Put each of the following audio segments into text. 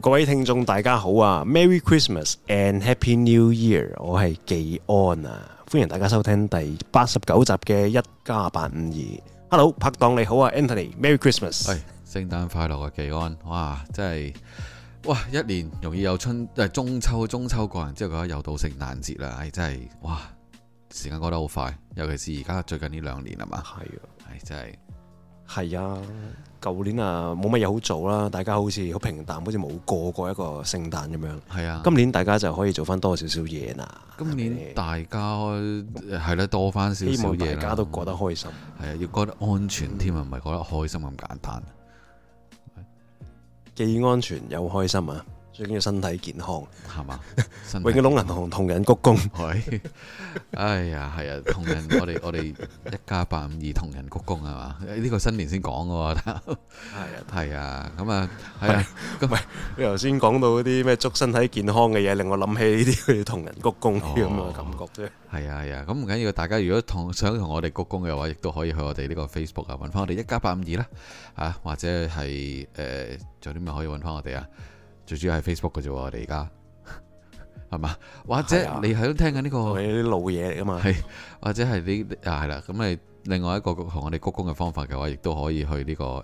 各位聽眾大家好啊，Merry Christmas and Happy New Year，我係紀安啊，歡迎大家收聽第八十九集嘅一家八五二。Hello，拍檔你好啊，Anthony，Merry Christmas，係聖誕快樂啊，紀安，哇，真係哇，一年容易有春誒中秋，中秋過完之後佢又到聖誕節啦，唉、哎，真係哇，時間過得好快，尤其是而家最近呢兩年係嘛，係係、啊哎、真係。係啊，舊年啊冇乜嘢好做啦，大家好似好平淡，好似冇過過一個聖誕咁樣。係啊，今年大家就可以做翻多少少嘢啦。今年大家係、嗯啊、啦，多翻少少嘢啦。希望大家都過得開心。係啊，要過得安全添啊，唔係過得開心咁簡單。既安全又開心啊！最緊要身體健康係嘛？永隆銀行同人鞠躬，係，哎呀，係啊，同人，我哋我哋一家八五二同人鞠躬係嘛？呢個新年先講嘅喎，係啊，係啊，咁啊，係，唔係你頭先講到嗰啲咩祝身體健康嘅嘢，令我諗起呢啲同人鞠躬咁嘅感覺啫。係啊，係啊，咁唔緊要，大家如果同想同我哋鞠躬嘅話，亦都可以去我哋呢個 Facebook 啊，揾翻我哋一家八五二啦，啊，或者係誒，仲有啲咩可以揾翻我哋啊？最主要係 Facebook 嘅啫，我哋而家係嘛？或者、啊、你喺度聽緊呢、這個啲老嘢嚟噶嘛，係或者係啲、這個、啊係啦，咁你另外一個同我哋鞠躬嘅方法嘅話，亦都可以去呢、這個誒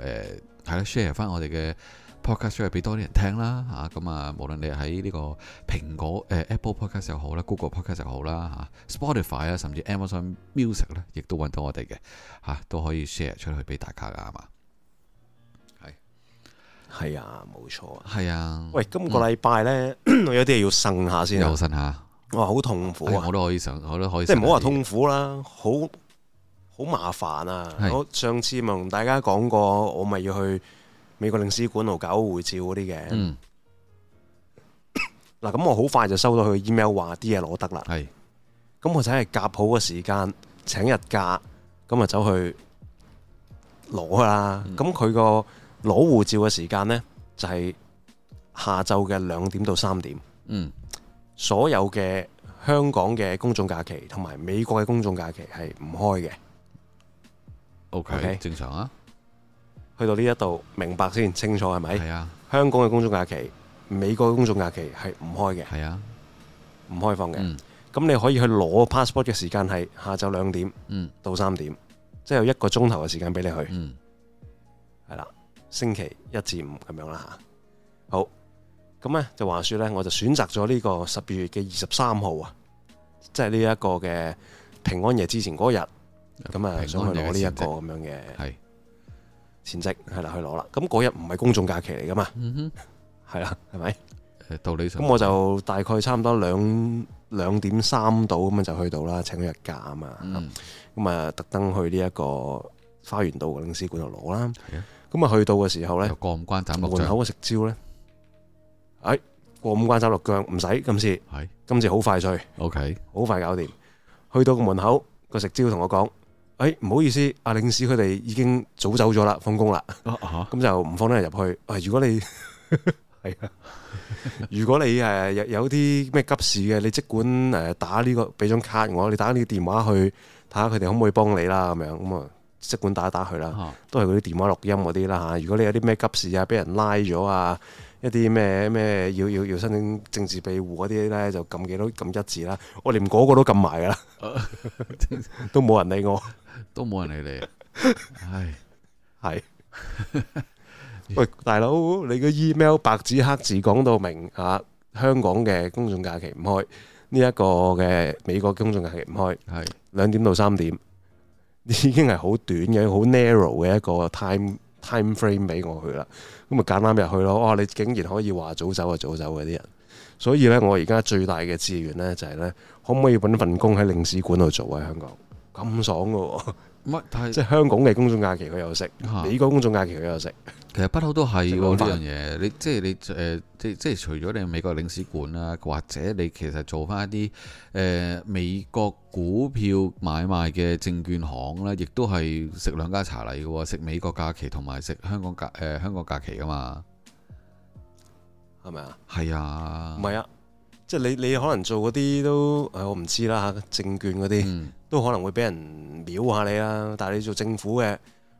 係咯 share 翻我哋嘅 podcast share 俾多啲人聽啦吓，咁啊無論你喺呢個蘋果、呃、Apple podcast 又好啦，Google podcast 又好啦吓、啊、，Spotify 啊甚至 Amazon Music 咧，亦都揾到我哋嘅吓，都、啊、可以 share 出去俾大家噶係嘛？係啊，冇錯啊。係啊，喂，今個禮拜咧，我、嗯、 有啲嘢要呻下先。又呻下，我話好痛苦、啊哎、我都可以我都可以。即係唔好話痛苦啦，好好麻煩啊！煩啊是我上次咪同大家講過，我咪要去美國領事館度搞護照嗰啲嘅。嗱、嗯，咁 我好快就收到佢 email 話啲嘢攞得啦。係是。咁我就係夾好個時間，請日假，咁啊走去攞啦。咁佢個。攞護照嘅時間呢，就係下晝嘅兩點到三點。嗯，所有嘅香港嘅公眾假期同埋美國嘅公眾假期係唔開嘅。O Okay, K，Okay. 正常啊。去到呢一度明白先清楚係咪？係啊。香港嘅公眾假期、美國嘅公眾假期係唔開嘅。係啊，唔開放嘅。嗯。咁你可以去攞 passport 嘅時間係下晝兩點嗯到三點，即係有一個鐘頭嘅時間俾你去。嗯星期一至五咁樣啦吓，好咁咧就話說咧，我就選擇咗呢個十二月嘅二十三號啊，即係呢一個嘅平安夜之前嗰日，咁啊想去攞呢一個咁樣嘅錢職係啦去攞啦。咁嗰日唔係公眾假期嚟噶嘛，係啦係咪？誒道理上咁我就大概差唔多兩兩點三度咁樣就去到啦，請咗日假啊嘛。咁啊特登去呢一個花園道嘅領事館度攞啦。咁啊，去到嘅時候咧，過五關斬六將。門口嘅食蕉咧，哎，過五關斬六將，唔使今次，今次好快脆，OK，好快搞掂。去到個門口個食蕉同我講：哎，唔好意思，阿領事佢哋已經早走咗啦，放工啦。咁就唔放得入去。如果你係啊，如果你誒有有啲咩急事嘅，你即管誒打呢個俾張卡我，你打呢個電話去睇下佢哋可唔可以幫你啦，咁樣咁啊。即管打一打佢啦，都係嗰啲電話錄音嗰啲啦嚇。如果你有啲咩急事啊，俾人拉咗啊，一啲咩咩要要要申請政治庇護嗰啲咧，就撳幾多撳一字啦。我連嗰個都撳埋㗎喇， 都冇人理我，都冇人理你啊。係係 唉。喂，大佬，你個 email 白紙黑字講到明嚇，香港嘅公眾假期唔開，呢、這、一個嘅美國公眾假期唔開，係是兩點到三點。已經係好短嘅，好 narrow 嘅一個 time time frame 俾我去啦。咁啊簡單入去咯。哇！你竟然可以話早走就早走嗰啲人。所以咧，我而家最大嘅資源咧就係、是、咧，可唔可以揾份工喺領事館度做喺香港？咁爽嘅喎、啊，乜是？即係香港嘅公眾假期佢又識，美國、啊、公眾假期佢又識。其實不嬲都係喎呢樣嘢，你即係你誒，即係、呃、即係除咗你美國領事館啦，或者你其實做翻一啲誒、呃、美國股票買賣嘅證券行啦，亦都係食兩家茶禮嘅，食美國假期同埋食香港假誒、呃、香港假期噶嘛，係咪啊？係啊，唔係啊，即係你你可能做嗰啲都誒我唔知啦，證券嗰啲，嗯、都可能會俾人秒下你啊。但係你做政府嘅。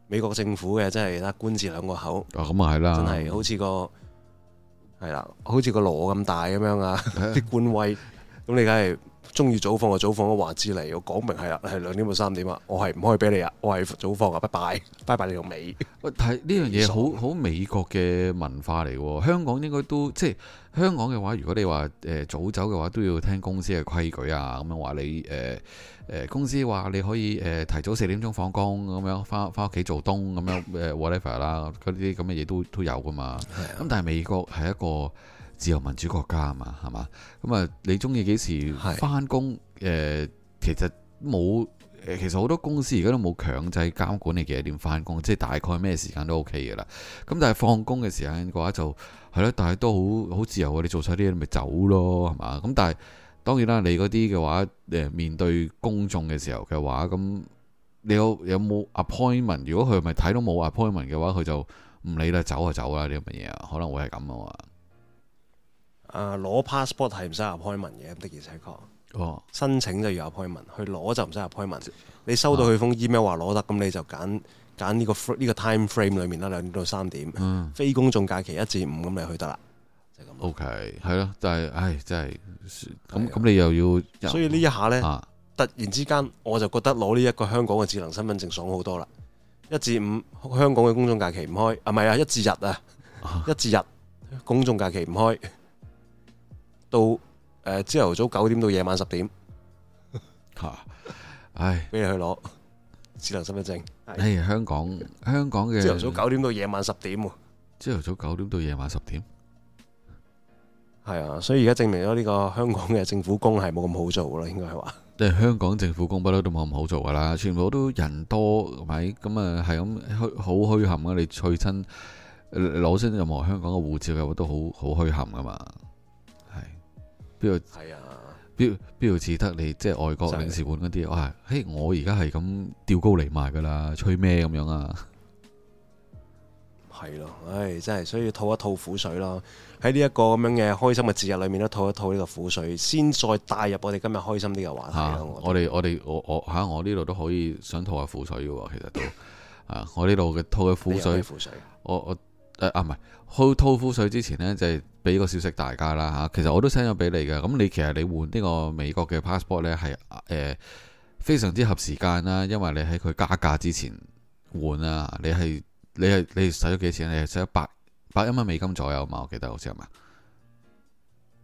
美國政府嘅官字兩個口，真係好似個係啦，好似個螺咁大咁樣啊，啲 官威。咁你梗係中意早放啊？早放啊！話之嚟，我講明係啦，係兩點到三點啊！我係唔可以俾你啊！我係早放啊！拜拜，拜拜你條尾。喂，但係呢樣嘢好好美國嘅文化嚟喎，香港應該都即係香港嘅話，如果你話誒早走嘅話，都要聽公司嘅規矩啊，咁樣話你誒誒、呃、公司話你可以誒提早四點鐘放工咁樣，翻翻屋企做 whatever，冬咁樣誒 whatever 啦，嗰啲咁嘅嘢都都有㗎嘛。咁但係美國係一個。自由民主國家啊嘛，係嘛？咁啊，你中意幾時翻工？誒、呃，其實冇、呃，其實好多公司而家都冇強制監管你幾點翻工，即係大概咩時間都 OK 嘅啦。咁但係放工嘅時間嘅話就係咯，但係都好好自由嘅。你做曬啲嘢你咪走咯，係嘛？咁但係當然啦，你嗰啲嘅話誒、呃、面對公眾嘅時候嘅話，咁你有有冇 appointment？如果佢咪睇到冇 appointment 嘅話，佢就唔理啦，走就走啦、啊，啲乜嘢啊？可能會係咁啊。誒攞 passport 係唔使 appointment 嘅，啊、的而且確。哦哇。申請就要 appointment，啊、去攞就唔使 appointment。你收到佢封 email 話攞得，咁你就揀揀呢個呢個 time frame 裡面啦，兩點到三點。嗯、非公眾假期一至五咁你去得啦。就係、是、咁。O、okay, K。係咯，就係唉，真係咁咁，了你又要。所以呢一下呢，啊、突然之間我就覺得攞呢一個香港嘅智能身份證爽好多啦。一至五香港嘅公眾假期唔開，啊唔係啊，一至日啊，一至日公眾假期唔開。到誒朝頭早九點到夜晚十點嚇，啊、唉俾你去攞智能身份證。誒香港香港嘅朝頭早九點到夜晚十點喎。朝頭早九點到夜晚十點，係啊，所以而家證明咗呢、呢個香港嘅政府工係冇咁好做咯，應該係話即係誒香港政府工不嬲都冇咁好做噶啦，全部都人多，係咪咁啊？係咁好墟冚啊。你去親攞先任何香港嘅護照嘅話，都好好墟冚噶嘛。邊度係啊？邊邊度似得？你即係外國領事館嗰啲啊？嘿，我而家係咁吊高嚟賣噶啦，吹咩咁樣啊？係咯，唉、哎，真係所以吐一吐苦水咯。喺呢一個咁樣嘅開心嘅節日裏面都吐一吐呢個苦水，先再帶入我哋今日開心呢個話題。我哋我哋我我吓，我呢度都可以想吐下苦水嘅喎，其實都 啊，我呢度嘅吐嘅苦水，苦水，我我。我.誒啊，唔係去吐苦水之前呢，就係、是、俾個消息大家啦吓。其實我都 send 咗俾你嘅。咁你其實你換呢個美國嘅 passport 呢，係、呃、誒非常之合時間啦。因為你喺佢加價之前換啊，你係你係你使咗幾錢？你係使咗百百一蚊美金左右嘛？我記得好似係咪？是是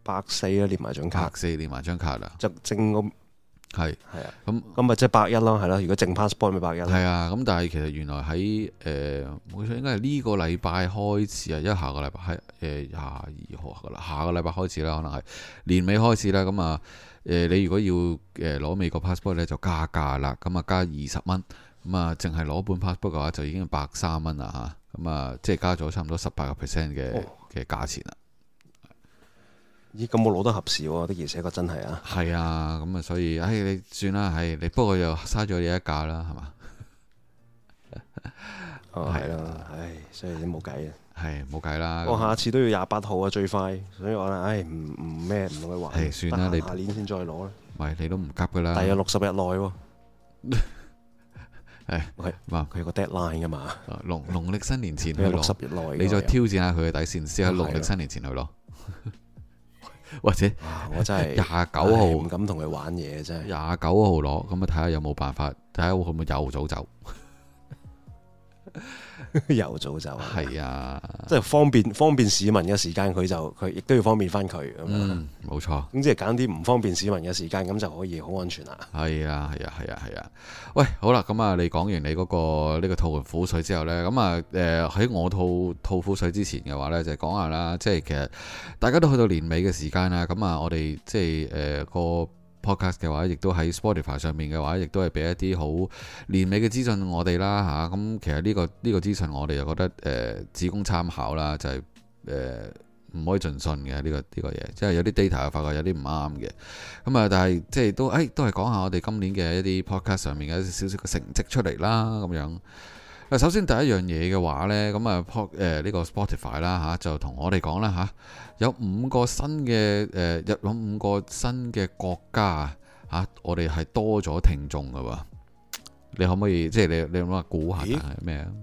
百四啊，連埋張卡。百四連埋張卡啦。就正個。係，係啊，咁咁咪即係百一啦，係咯，如果淨 passport 咪百一咯。係啊，咁但係其實原來喺誒，冇錯，應該係呢個禮拜開始啊，因為下個禮拜喺誒廿二號啦，下個禮拜開始啦，可能係年尾開始啦。咁啊，誒，你如果要誒攞美國 passport 咧，就加價啦。咁啊，加二十蚊，咁啊，淨係攞本 passport 嘅話，就已經百三蚊啊，吓，咁啊，即係加咗差唔多十八個 percent 嘅嘅價錢啦。哦咦咁冇攞得合時喎？的而且確真係啊！係啊，咁、哎、啊、哎哎，所以唉，你算啦，係你不過又嘥咗你一架啦，係嘛？係咯，唉，所以你冇計啊。係冇計啦。我下次都要廿八號啊，最快，所以我咧，唉、哎，唔唔咩唔去玩。係、哎、算啦你，你下年先再攞啦。唔係你都唔急噶啦，但 係、哎、喂有六十日內喎。係，佢話佢個 deadline 噶嘛？農農曆新年前去攞，六十日內，你再挑戰下佢嘅底線，試下農曆新年前去攞。 或者、啊、我真係廿九號唔敢同佢玩嘢啫，廿九號攞咁啊，睇下有冇辦法，睇下會唔會又早走。 又早就係、是、啊，即係方便方便市民嘅時間，佢就佢亦都要方便翻佢。嗯，冇錯。咁即係揀啲唔方便市民嘅時間，咁就可以好安全啦。係啊，係啊，係啊，係啊。喂，好啦，咁啊，你講完你嗰、那個呢、這個吐苦水之後呢？咁啊，誒、呃、喺我吐吐苦水之前嘅話呢，就講、是、下啦，即係其實大家都去到年尾嘅時間啦，咁啊，我哋即係誒、呃、個。podcast 嘅話，亦都喺 Spotify 上面嘅話，亦都係俾一啲好年尾嘅資訊我哋啦嚇。咁、啊、其實呢、這個呢、這個資訊我哋又覺得誒，只供參考啦，就係誒唔可以盡信嘅呢、這個呢、這個嘢。即係有啲 data 我發覺有啲唔啱嘅。咁啊，但係即係都誒、哎，都係講下我哋今年嘅一啲 podcast 上面嘅一啲少少嘅成績出嚟啦，咁樣。首先第一樣嘢嘅話呢，咁啊，誒呢個 Spotify 啦，吓、啊、就同我哋講啦，吓、啊、有五個新嘅，誒入咗五個新嘅國家啊，我哋係多咗聽眾噶喎，你可唔可以，即係你你諗下估下係咩啊？咦是是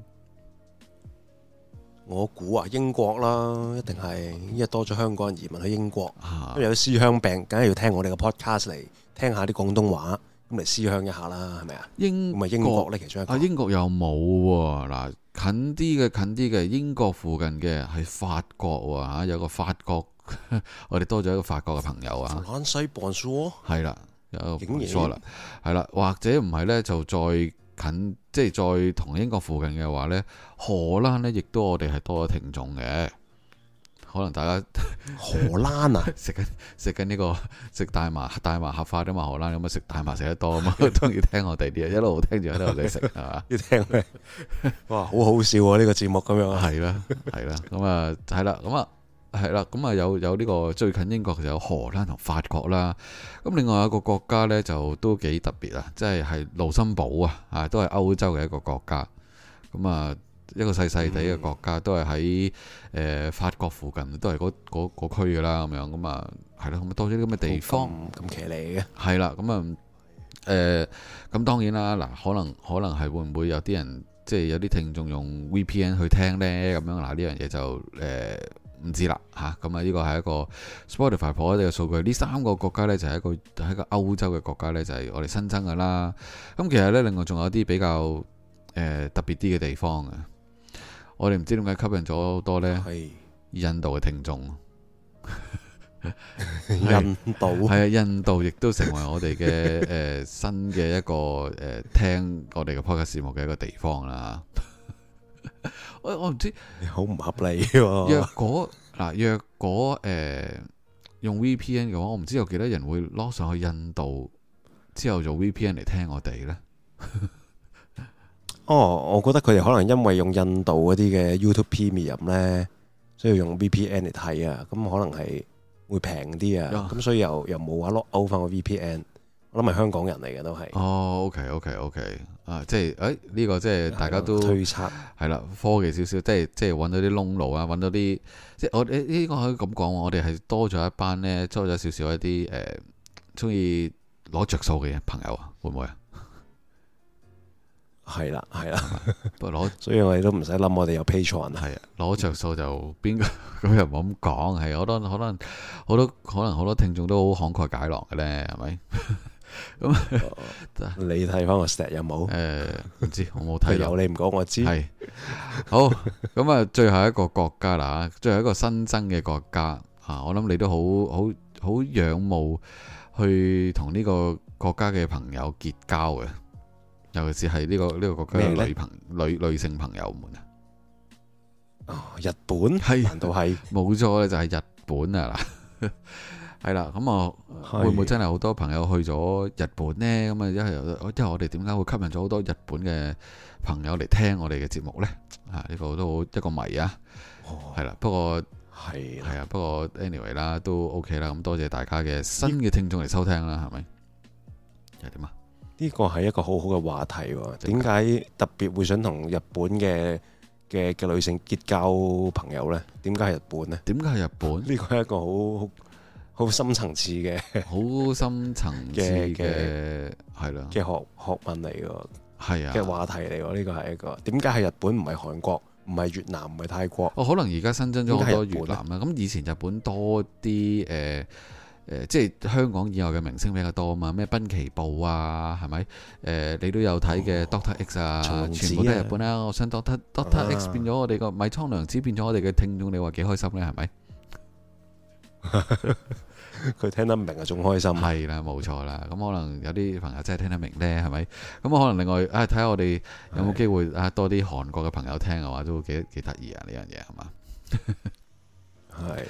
我估啊，英國啦，一定係，因為多咗香港移民喺英國，啊、因為有思鄉病，梗係要聽我哋嘅 podcast 嚟，聽下啲廣東話。咁咪思鄉一下啦，係咪啊？英咁啊，英國咧其中一個啊，英國又冇喎。嗱，近啲嘅，近啲嘅，英國附近嘅係法國喎。吓，有個法國， 我哋多咗一個法國嘅朋友啊。荷蘭、啊、西半數係啦，有半數啦，係啦影，或者唔係咧，就再近，即係再同英國附近嘅話咧，荷蘭咧，亦都我哋係多咗聽眾嘅。可能大家荷蘭啊，食緊食緊呢個食大麻大麻合法嘅嘛，荷蘭咁啊，食大麻食得多啊嘛，都要 聽我哋啲，一路聽住喺度哋食係要聽咩？哇，好好笑啊！呢個節目咁樣、啊，係啦係啦，咁啊係啦，咁啊係啦，咁啊，啊，啊有有呢個最近英國就有荷蘭同法國啦，咁另外一個國家呢，就都幾特別啊，即係係盧森堡啊，啊都係歐洲嘅一個國家，咁啊。一個細細地嘅國家，嗯、都係喺誒法國附近，都係嗰嗰嗰區噶啦，咁樣咁啊，係咯，咁多咗啲咁嘅地方咁奇離嘅，係啦，咁啊，誒、呃，咁當然啦，嗱，可能可能係會唔會有啲人，即係有啲聽眾用 VPN 去聽呢？咁樣嗱，呢樣嘢就誒唔、呃、知啦吓，咁啊呢個係一個 Spotify 破咗嘅數據，呢三個國家呢，就係、是、一個喺個歐洲嘅國家呢，就係、是、我哋新增噶啦，咁其實呢，另外仲有啲比較誒、呃、特別啲嘅地方啊。我哋唔知點解吸引咗好多咧，印度嘅聽眾，印度係啊，印度亦都成為我哋嘅誒新嘅一個誒聽我哋嘅 Podcast 節目嘅一個地方啦。 我唔知，好唔合理喎，若。若果嗱，若果誒用 VPN 嘅話，我唔知有幾多人會攞上去印度之後做 VPN 嚟聽我哋呢。 哦，我覺得佢哋可能因為用印度嗰啲嘅 YouTube Premium 咧，需要用 VPN 嚟睇啊，咁可能係會平啲啊，咁所以又又冇話 lock 返個 VPN，我諗係香港人嚟嘅都係。哦，OK OK OK，啊，即係誒呢個即係大家都推測，係啦，科技少少，即係即係揾到啲窿路啊，揾到啲即係我哋呢個可以咁講我哋係多咗一班咧，多咗少少一啲誒，中意攞着數嘅朋友啊，會唔會啊？係啦，係啦，不攞， 所以我哋都唔使諗，我哋有 Patreon，係啊，攞着數就邊個咁又冇咁講，係好多可能，好多可能，好多聽眾都好慷慨解囊嘅咧，係咪？咁、 嗯、 你睇翻個 stat 有冇？誒，唔知我冇睇有你唔講，我知係 好。咁啊，最後一個國家啦，最後一個新增嘅國家吓、啊，我諗你都好好好仰慕去同呢個國家嘅朋友結交嘅。尤其是係、這、呢個呢、這個國家嘅女朋女女性朋友們啊，日本係，是難道係冇錯咧？就係、是、日本啊，係 啦。咁啊，的會唔會真係好多朋友去咗日本呢？咁啊，因係，一係我哋點解會吸引咗好多日本嘅朋友嚟聽我哋嘅節目呢？啊，呢、這個都好一個謎啊。哦，係啦。不過係係啊。不過 anyway 啦，都 ok 啦。咁多謝大家嘅新嘅聽眾嚟收聽啦，係咪又點啊？呢個係一個好好嘅話題喎，點解特別會想同日本嘅嘅嘅女性結交朋友呢？點解係日本呢？點解係日本？呢個係一個好好深層次嘅、好深層次嘅係啦嘅學學問嚟㗎，係啊嘅話題嚟㗎。呢個係一個點解係日本唔係韓國、唔係越南、唔係泰國？哦，可能而家新增咗好多越南呀。咁以前日本多啲誒。呃誒、呃，即係香港以外嘅明星比較多啊嘛，咩濱崎步啊，係咪？誒、呃，你都有睇嘅 Doctor X 啊，啊啊全部都係日本啦、啊。我想 Doctor Doctor X 變咗我哋個米倉涼子變咗我哋嘅聽眾，你話幾開心呢？係咪？佢 聽得唔明啊，仲開心。係啦，冇錯啦。咁可能有啲朋友真係聽得明呢，係咪？咁、嗯、可能另外啊，睇、哎、下我哋有冇機會啊，多啲韓國嘅朋友聽嘅話，都幾幾得意啊！呢樣嘢係嘛？係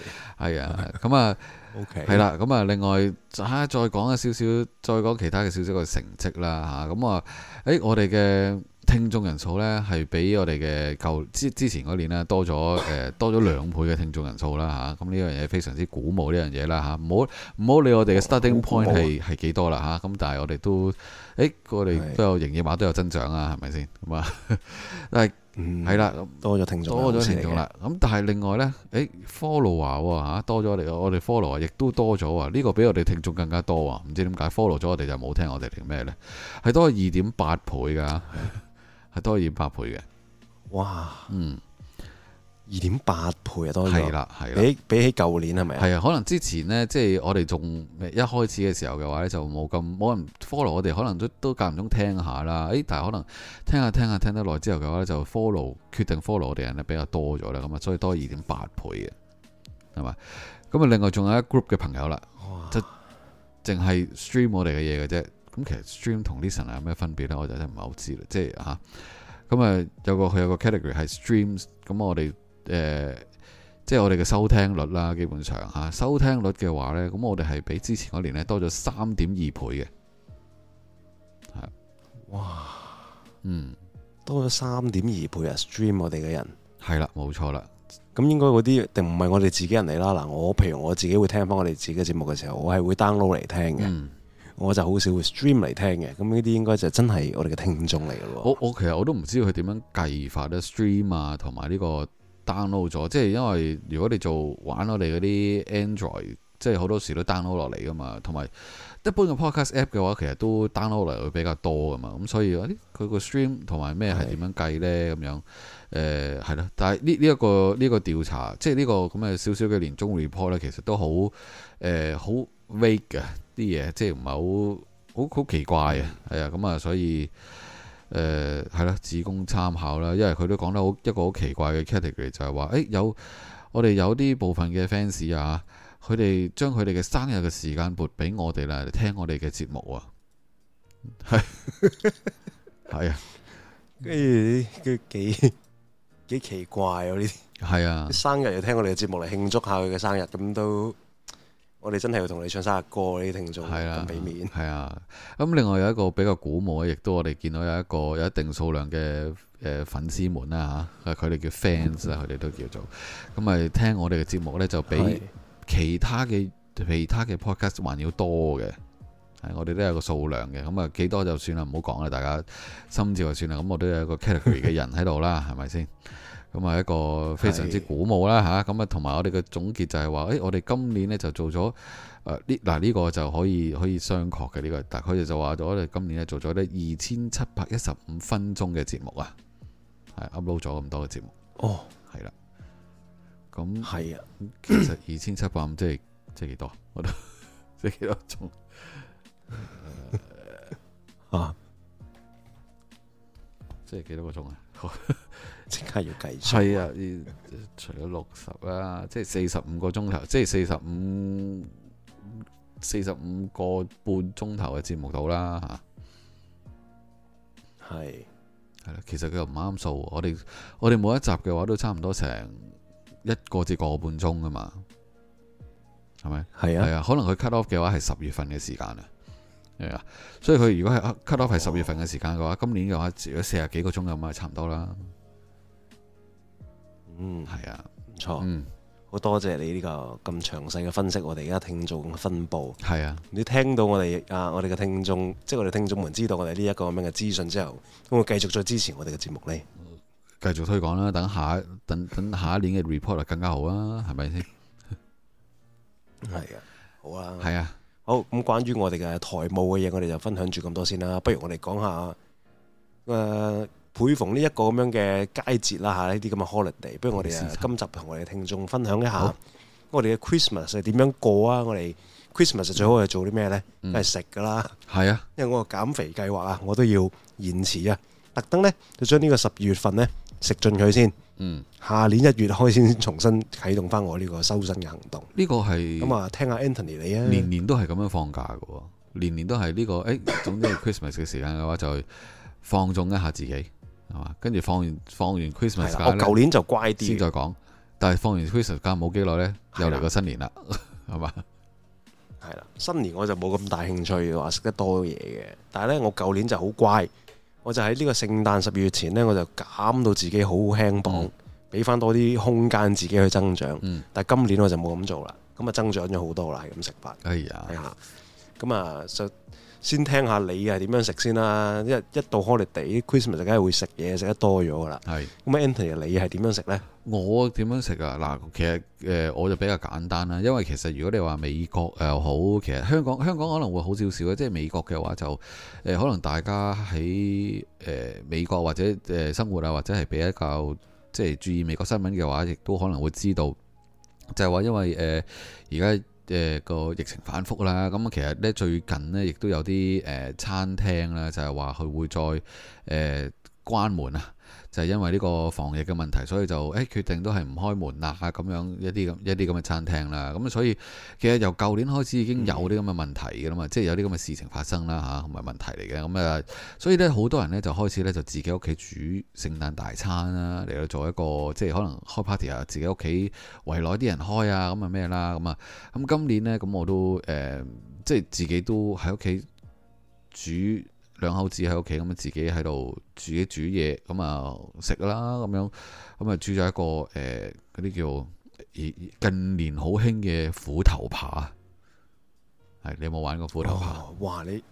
係啊，咁啊～OK，係啦，咁啊，另外吓再講一少少，再講其他嘅少少個成績啦吓，咁啊，誒，我哋嘅聽眾人數呢，係比我哋嘅舊之之前嗰年咧多咗誒，多咗兩倍嘅聽眾人數啦吓，咁呢樣嘢非常之鼓舞呢樣嘢啦吓，唔好唔好理我哋嘅 starting point 係係幾多啦吓，咁但係我哋都誒，我哋都有營業額都有增長啊，係咪先咁啊？ 但係。嗯，係啦，多咗聽眾，多咗聽眾啦。咁但係另外呢誒，follow 話吓多咗嚟，我我哋 follow 亦都多咗啊。呢個比我哋聽眾更加多啊，唔知點解 follow 咗我哋就冇聽我哋定咩呢？係多二點八倍噶，係多二點八倍嘅。哇，嗯。二點八倍啊，多咗。係啦，係啦。比比起舊年係咪啊？係啊，可能之前呢，即係我哋仲一開始嘅時候嘅話呢，就冇咁冇人 follow 我哋，可能都都間唔中聽下啦。誒，但係可能聽下聽下聽得耐之後嘅話呢，就 follow 決定 follow 我哋人呢，比較多咗啦。咁啊，所以多二點八倍嘅，係嘛？咁啊，另外仲有一 group 嘅朋友啦，即淨係 stream 我哋嘅嘢嘅啫。咁其實 stream 同 listen 有咩分別呢？我就真係唔係好知啦。即係吓，咁啊有個佢有個 category 係 streams，咁我哋。誒、呃，即係我哋嘅收聽率啦，基本上吓、啊，收聽率嘅話呢，咁我哋係比之前嗰年咧多咗三點二倍嘅，哇，嗯、多咗三點二倍啊，stream 我哋嘅人，係啦，冇錯啦，咁應該嗰啲，定唔係我哋自己人嚟啦嗱，我譬如我自己會聽翻我哋自己嘅節目嘅時候，我係會 download 嚟聽嘅，嗯、我就好少會 stream 嚟聽嘅，咁呢啲應該就真係我哋嘅聽眾嚟嘅，我我其實我都唔知佢點樣計法咧，stream 啊，同埋呢個。download 咗，即係因為如果你做玩我哋嗰啲 Android，即係好多時都 download 落嚟噶嘛，同埋一般嘅 podcast app 嘅話，其實都 download 落嚟會比較多噶嘛，咁所以佢個 stream 同埋咩係點樣計咧？咁樣誒係咯，但係呢呢一個呢、這個調查，即係呢個咁嘅小小嘅年終 report 咧，其實都好誒好 vague 嘅啲嘢，即係唔係好好好奇怪啊，係啊，咁啊所以。誒，係啦，呃，只供參考啦，因為佢都講得好一個好奇怪嘅 category，就係話，誒、欸、有我哋有啲部分嘅 fans 啊，佢哋將佢哋嘅生日嘅時間撥俾我哋啦，聽我哋嘅節目啊，係係 啊，跟住幾幾奇怪啊呢啲，係啊，啊生日要聽我哋嘅節目嚟慶祝下佢嘅生日，咁都。我哋真係要同你唱生日歌，呢啲聽眾係啦，俾面係啊。咁、啊、另外有一個比較鼓舞嘅，亦都我哋見到有一個有一定數量嘅誒、呃、粉絲們啦吓，佢、啊、哋叫 fans 啦、啊，佢哋都叫做咁啊。聽我哋嘅節目呢，就比其他嘅其他嘅 podcast 還要多嘅。係的我哋都有個數量嘅，咁啊幾多就算啦，唔好講啦，大家心照就算啦。咁我都有一個 category 嘅人喺度啦，係咪先？咁啊，一個非常之鼓舞啦，吓咁是啊，同埋我哋嘅總結就係話，誒，我哋今年呢就做咗誒，呢嗱呢個就可以可以商榷嘅呢個，大概哋就話咗，我哋今年咧做咗呢二千七百一十五分鐘嘅節目啊，係 upload 咗咁多嘅節目，哦，係啦，咁係啊，其實二千七百五即係即係幾多？我都即係幾多個鐘啊？即係幾多， 多個鐘啊？ 即係要計住係啊！除咗六十啦，即係四十五個鐘頭，即係四十五四十五個半鐘頭嘅節目度啦。吓係係啦，其實佢又唔啱數。我哋我哋每一集嘅話都差唔多成一個至一個半鐘噶嘛，係咪係啊？係啊，可能佢 cut off 嘅話係十月份嘅時間啊。係啊，所以佢如果係 cut off 係十月份嘅時間嘅話，哦、今年嘅話，如果四十幾個鐘咁，咪差唔多啦。嗯，係啊，唔錯，嗯，好多謝你呢個咁詳細嘅分析。我哋而家聽眾嘅分布，係啊，你聽到我哋啊，我哋嘅聽眾，即係我哋聽眾們知道我哋呢一個咁樣嘅資訊之後，會唔會繼續再支持我哋嘅節目呢？繼續推廣啦，等下，等等下一年嘅 report 就更加好啦，係咪先？係啊，好啊，係啊，好。咁關於我哋嘅台務嘅嘢，我哋就分享住咁多先啦。不如我哋講下，誒、呃。每逢呢一個咁樣嘅佳節啦嚇，呢啲咁嘅 holiday，不如我哋啊今集同我哋聽眾分享一下我哋嘅 Christmas 係點樣過啊？我哋 Christmas 最好係做啲咩咧？都係食噶啦，係啊，因為我個減肥計劃啊，我都要延遲啊，特登咧就將呢個十二月份咧食盡佢先，嗯，下年一月開先重新啟動返我呢個修身嘅行動。呢個係咁啊，聽下 Anthony 你啊，年年都係咁樣放假嘅，年年都係呢個誒，總之 Christmas 嘅時間嘅話就放縱一下自己。跟住放完放完 Christmas 假我舊年就乖啲先再講。但係放完 Christmas 假，冇幾耐呢，的又嚟個新年啦，係嘛的？係啦， 新年我就冇咁大興趣話食得多嘢嘅。但係呢，我舊年就好乖，我就喺呢個聖誕十二月前呢，我就減到自己好輕磅，俾翻、嗯、多啲空間自己去增長。嗯、但係今年我就冇咁做啦，咁啊增長咗好多啦，係咁食法。哎呀。咁啊 先聽下你係點樣食先啦，啊，一一到 holiday、Christmas 梗係會食嘢，食得多咗噶啦。係咁啊是 Anthony 你係點樣食呢？我點樣食啊？嗱，其實誒我就比較簡單啦，因為其實如果你話美國又、呃、好，其實香港香港可能會好少少。即係美國嘅話就誒、呃、可能大家喺誒、呃、美國或者誒生活啊，或者係比較即係、就是、注意美國新聞嘅話，亦都可能會知道，就係、是、話因為誒而家。呃誒、呃、個疫情反覆啦，咁、嗯、其實咧最近咧亦都有啲誒、呃、餐廳咧就係話佢會再誒、呃、關門啊。就係因為呢個防疫嘅問題，所以就誒、欸、決定都係唔開門啦、啊，咁樣一啲咁一啲咁嘅餐廳啦。咁所以其實由舊年開始已經有啲咁嘅問題嘅啦嘛，嗯、即係有啲咁嘅事情發生啦嚇，同、啊、埋問題嚟嘅。咁、嗯、啊，所以咧好多人咧就開始咧就自己屋企煮聖誕大餐啦、啊，嚟到做一個即係可能開 party 啊，自己屋企圍內啲人開啊，咁啊咩啦，咁啊咁今年呢，咁我都誒、呃、即係自己都喺屋企煮。兩口子喺屋企咁啊，自己喺度自己煮嘢咁啊食啦，咁樣咁啊煮咗一個誒嗰啲叫近年好興嘅斧頭扒，係、哎、你有冇玩過斧頭扒、哦？哇！你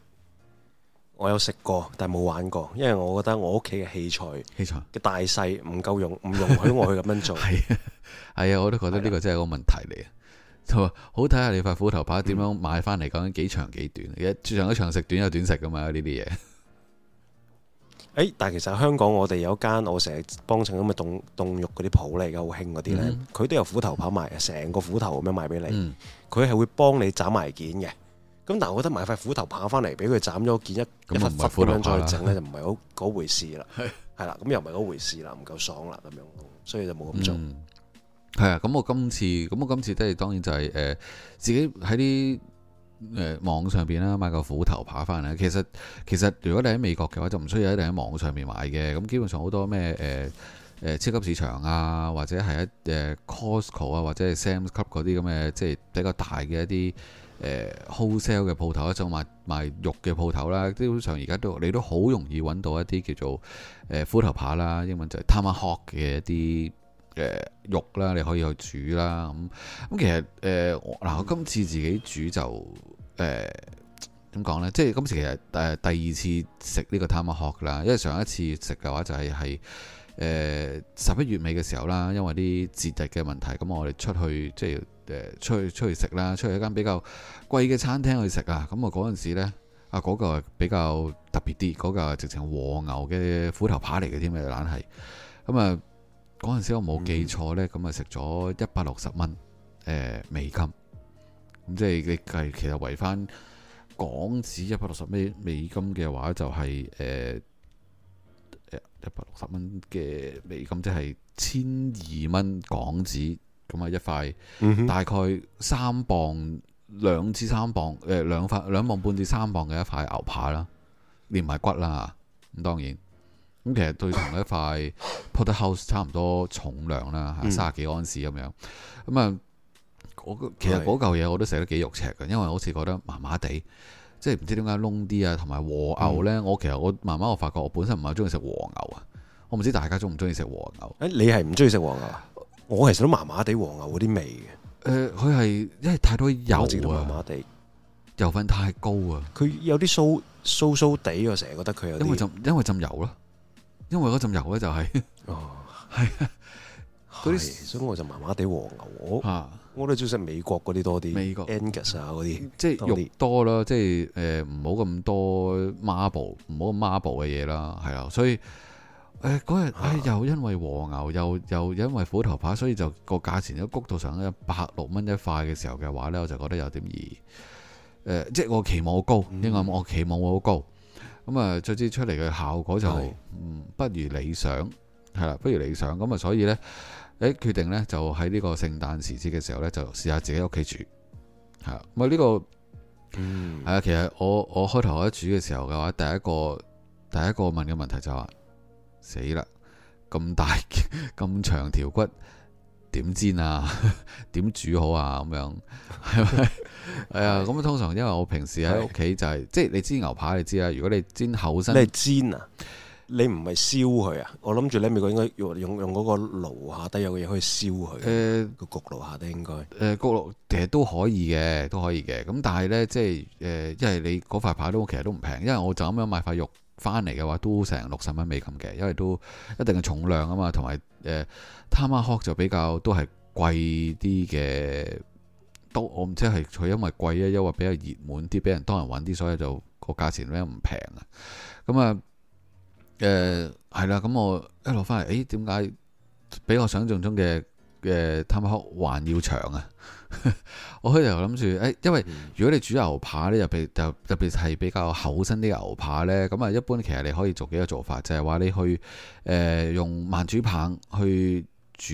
我有食過，但係冇玩過，因為我覺得我屋企嘅器材器材嘅大細唔夠用，唔容許我去咁樣做。係 啊， 啊，我都覺得呢個真係個問題嚟啊！好睇下你塊斧頭扒點樣買翻嚟，講緊幾長幾短，長有長食，短有短食噶嘛呢啲嘢。誒，但係其實香港我哋有間我成日幫襯咁嘅凍凍肉嗰啲鋪嚟噶，好興嗰啲咧，佢都有斧頭扒賣，成個斧頭咁樣賣俾你。佢係會幫你斬埋件嘅。咁但係我覺得買塊斧頭扒翻嚟俾佢斬咗件一一忽忽咁樣再整咧，就唔係好嗰回事啦。係係啦，咁又唔係嗰回事啦，唔夠爽啦咁樣，所以就冇咁做。係啊，咁我今次，咁我今次都係當然就係、是、誒、呃、自己喺啲誒網上邊啦，買個斧頭扒翻嚟。其實其實如果你喺美國嘅話，就唔需要一定喺網上面買嘅。咁基本上好多咩誒誒超級市場啊，或者係一誒 Costco 啊，或者係 Sam's Club 嗰啲咁嘅，即係比較大嘅一啲誒 wholesale、呃、嘅鋪頭一種賣賣肉嘅鋪頭啦。基本上而家都你都好容易揾到一啲叫做誒、呃、斧頭扒啦，英文就係 tomahawk 嘅一啲。誒、呃、肉啦，你可以去煮啦，咁咁、嗯。其實誒嗱、呃，我今次自己煮就誒點講呢？即係今次其實誒第二次食呢個 tomahawk 啦，因為上一次食嘅話就係係誒十一月尾嘅時候啦，因為啲節日嘅問題，咁、嗯、我哋出去即係誒、呃、出去出去食啦，出去一間比較貴嘅餐廳去食、嗯、啊。咁啊嗰陣時呢，啊嗰個比較特別啲，嗰、嗰個直情和牛嘅斧頭扒嚟嘅添啊，懶係咁啊！嗯嗯嗯嗰陣時我冇記錯呢，咁啊食咗一百六十蚊誒美金，咁即係你計其實維翻港紙一百六十蚊美金嘅話，就係誒一百六十蚊嘅美金，即係千二蚊港紙。咁啊一塊大概三磅，兩至三磅，誒兩塊兩磅半至三磅嘅一塊牛扒啦，連埋骨啦，咁當然。咁其實對同一塊 Porterhouse 差唔多重量啦，嚇、嗯、三十幾安士咁樣。咁啊，其實嗰嚿嘢我都食得幾肉赤嘅，的因為好似覺得麻麻地，即係唔知點解燶啲啊，同埋和牛咧。嗯、我其實我慢慢我，我發覺我本身唔係好中意食和牛啊。我唔知大家中唔中意食和牛？誒、欸，你係唔中意食和牛啊？嗯、我其實都麻麻地和牛嗰啲味嘅。誒、呃，佢係因為太多油、啊，麻麻地，油分太高啊！佢有啲酥，酥酥酥地，我成日覺得佢有因為浸因為浸油咯。因為嗰陣油咧就係、是，哦係，嗰啲，所以我就麻麻地和牛，是我我都中意食美國嗰啲多啲，美國 Angus 嗰啲，啊、即係肉多啦，即係誒唔好咁多 marble，唔好咁 marble 嘅嘢啦，係啊、就是呃，所以誒嗰日又因為和牛又又因為虎頭排，所以就個價錢喺谷度上一百六蚊一塊嘅時候嘅話咧，我就覺得有點二，誒、呃、即係我期望好高，因為、嗯、我期望好高。咁啊，卒之出嚟嘅效果就係，的嗯，不如理想，係啦，不如理想。咁啊，所以呢，誒，決定呢，就喺呢個聖誕時節嘅時候呢，就試下自己屋企煮，係啊。咁啊，呢個，嗯，係啊。其實我我開頭我一煮嘅時候嘅話，第一個第一個問嘅問題就話、是，死啦，咁大咁長條骨。點煎啊？點 煮好啊？咁樣係咪？係啊！咁通常因為我平時喺屋企就係、是、的即係你煎牛扒你知啦，如果你煎厚身，你係煎啊？你唔係燒佢啊？我諗住你美國應該用用用嗰個爐下底有嘅嘢可以燒佢，誒個、呃、焗爐下底應該誒、呃、焗爐其實都可以嘅，都可以嘅。咁但係咧即係誒、呃，因為你嗰塊扒都其實都唔平，因為我就咁樣買塊肉。翻嚟嘅話都成六十蚊美金嘅，因為都一定嘅重量啊嘛，同埋誒，Tomahawk 就比較都係貴啲嘅。都,都我唔知係佢因為貴啊，因為比較熱門啲，俾人多人揾啲，所以就個價錢咧唔平啊。咁、呃、啊，誒係啦。咁我一攞翻嚟，誒點解比我想象中嘅嘅 Tomahawk 還要長啊？ 我開頭諗住，誒、哎，因為如果你煮牛扒呢，又比特特別係比較厚身啲嘅牛扒呢，咁啊，一般其實你可以做幾個做法，就係、是、話你去誒、呃、用慢煮棒去煮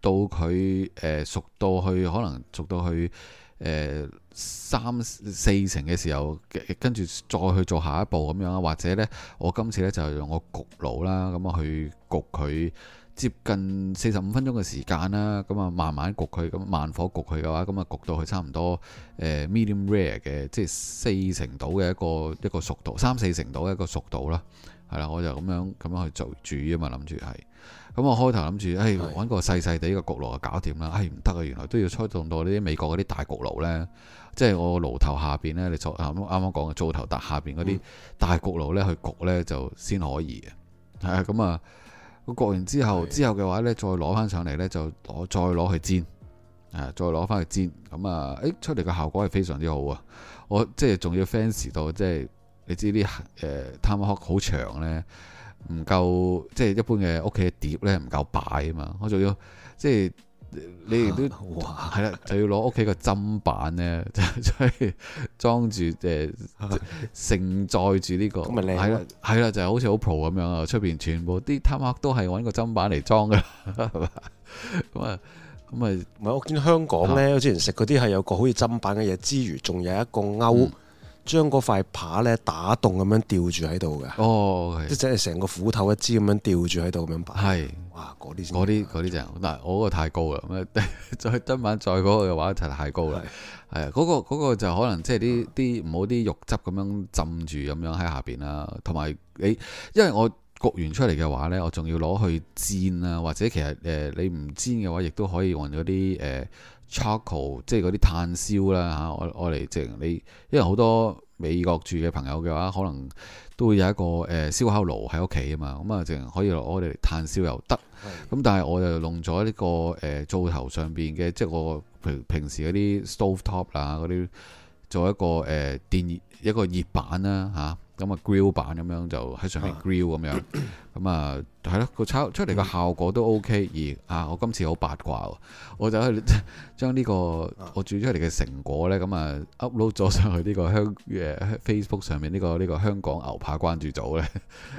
到佢誒、呃、熟到去，可能熟到去、呃、三四成嘅時候，跟住再去做下一步咁樣啊，或者呢，我今次呢就用個焗爐啦，咁啊去焗佢。接近四十五分鐘嘅時間啦，咁啊慢慢焗佢，咁慢火焗佢嘅話，咁啊焗到佢差唔多誒、呃、medium rare 嘅，即係四成度嘅一個一個熟度，三四成度一個熟度啦，係啦，我就咁樣咁樣去做煮啊嘛，諗住係，咁我開頭諗住，誒、欸、揾個細細地嘅焗爐就搞掂啦，唉、欸，唔得啊，原來都要吹動到呢啲美國嗰啲大焗爐呢。即係我爐頭下邊呢，你做啱啱講嘅灶頭突下邊嗰啲大焗爐呢，去焗呢就先可以嘅，係啊，咁啊。我焗完之後，是的 之後嘅話呢，再攞翻上嚟呢，就攞再攞去煎，誒、啊，再攞翻去煎，咁啊，誒、欸、出嚟嘅效果係非常之好啊！我即係仲要 fans 到，即係你知啲誒 Tomahawk 好長呢，唔夠即係一般嘅屋企嘅碟呢，唔夠擺啊嘛，我仲要即係。你哋都係啦，就要攞屋企個砧板咧，即係裝住誒，承載住呢個係啦，係啦，就係好似好 pro 咁樣啊！出邊全部啲 Tomahawk 都係搵個砧板嚟裝噶，咁啊 吧，咁啊， 就是、我見香港咧， 之前食嗰啲係有個好似砧板嘅嘢，之餘仲有一個勾。嗯將嗰塊扒咧打洞咁樣吊住喺度嘅，哦，oh, okay. 即係成個斧頭一支咁樣吊住喺度咁樣擺，係是，哇，嗰啲，嗰啲，啲就，嗱，我嗰個太高啦，再 今晚再嗰個嘅話就太高啦，係啊是，嗰、嗰個、嗰個就可能即係啲啲唔好啲肉汁咁樣浸住咁樣喺下邊啦，同埋你，因為我焗完出嚟嘅話咧，我仲要攞去煎啊，或者其實誒你唔煎嘅話，亦都可以用嗰啲誒。呃 Charcoal 即係嗰啲炭燒啦嚇、啊，我我哋即你，因為好多美國住嘅朋友嘅話，可能都會有一個誒、呃、燒烤爐喺屋企啊嘛，咁、嗯嗯呃、啊，仲可以攞我哋嚟炭燒又得。咁但係我就弄咗呢個誒灶頭上邊嘅，即係我平平時嗰啲 stovetop 啦嗰啲，做一個誒、呃、電熱一個熱板啦嚇。啊咁啊，grill 版咁樣就喺上面 grill 咁樣，咁啊係咯，個炒出嚟個效果都 OK 而。而啊，我今次好八卦、哦，我就去將呢個我煮出嚟嘅成果呢，咁啊 upload 咗上去呢個香誒 Facebook 上面呢、呢個呢、呢個香港牛扒關注組呢。誒、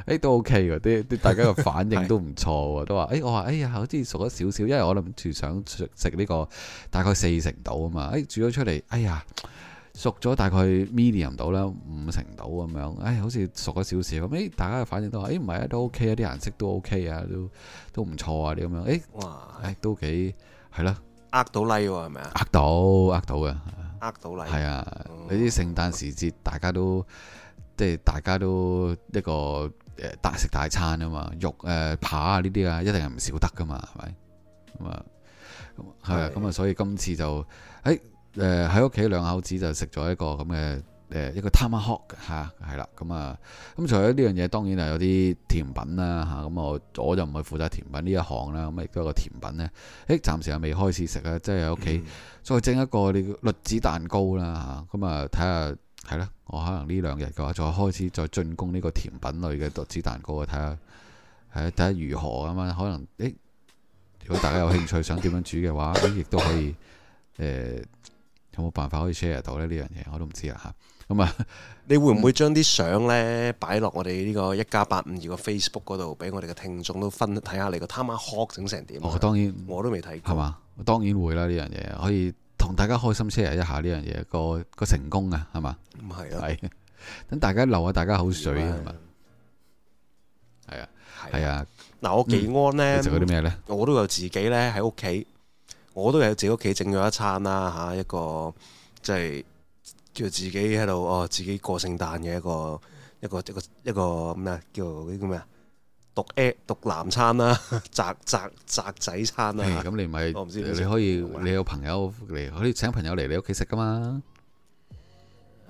哎、都 OK 嘅，啲大家嘅反應都唔錯， 都話誒、哎、我話哎呀，好似熟咗少少，因為我諗住想食呢個大概四成度啊嘛，誒、哎、煮咗出嚟，哎呀～熟咗大概 medium 到啦，五成到咁樣，誒，好似熟咗少少咁，誒，大家反應都話，誒，唔係啊，都 OK 啊，啲顏色都 OK 啊，都都唔錯啊，啲咁樣，誒，哇，誒，都幾係啦，呃到禮喎，係咪啊？呃到，呃到嘅，呃到禮，係啊，呢啲聖誕時節，大家都即係大家都一個誒大食大餐啊嘛，肉誒扒啊呢啲啊，一定係唔少得噶嘛，係咪？咁啊，咁係啊，咁啊，所以今次就誒。誒，喺屋企兩口子就食咗一個咁嘅誒，一個 tomahawk 吓係啦，咁啊，咁、嗯、除咗呢樣嘢，當然係有啲甜品啦吓，咁、啊、我我就唔係負責甜品呢一行啦，咁亦都有個甜品呢。誒，暫時又未開始食啊，即係喺屋企再整一個呢栗子蛋糕啦吓，咁啊，睇下係啦，我可能呢兩日嘅話，再開始再進攻呢個甜品類嘅栗子蛋糕看看啊，睇下，誒，睇下如何咁啊，可能誒、欸，如果大家有興趣想點樣煮嘅話，咁亦都可以誒。欸有冇辦法可以 share 到咧呢樣嘢？我都唔知啊吓。咁啊，你會唔會將啲相呢擺落我哋呢個一加八五二個 Facebook 度，俾我哋嘅聽眾都分睇下你個 Tomahawk 整成點？我、哦、當然，我都未睇過。係嘛？當然會啦。呢樣嘢可以同大家開心 share 一下呢樣嘢個、個個成功啊，係嘛？唔係啊，等大家流下大家口水吧啊，係嘛？係啊，係啊。嗱、啊啊，我寄安呢？食嗰啲咩呢？我都有自己呢，喺屋企。我都係自己屋企整咗一餐啦。吓一個即係叫自己喺度哦，自己過聖誕嘅一個一個一個一個咩啊？叫嗰啲叫咩啊？毒誒毒男餐啦，宅宅宅仔餐啦吓。咁你咪，我唔知你，你可以你有朋友嚟，你可以請朋友嚟你屋企食噶嘛？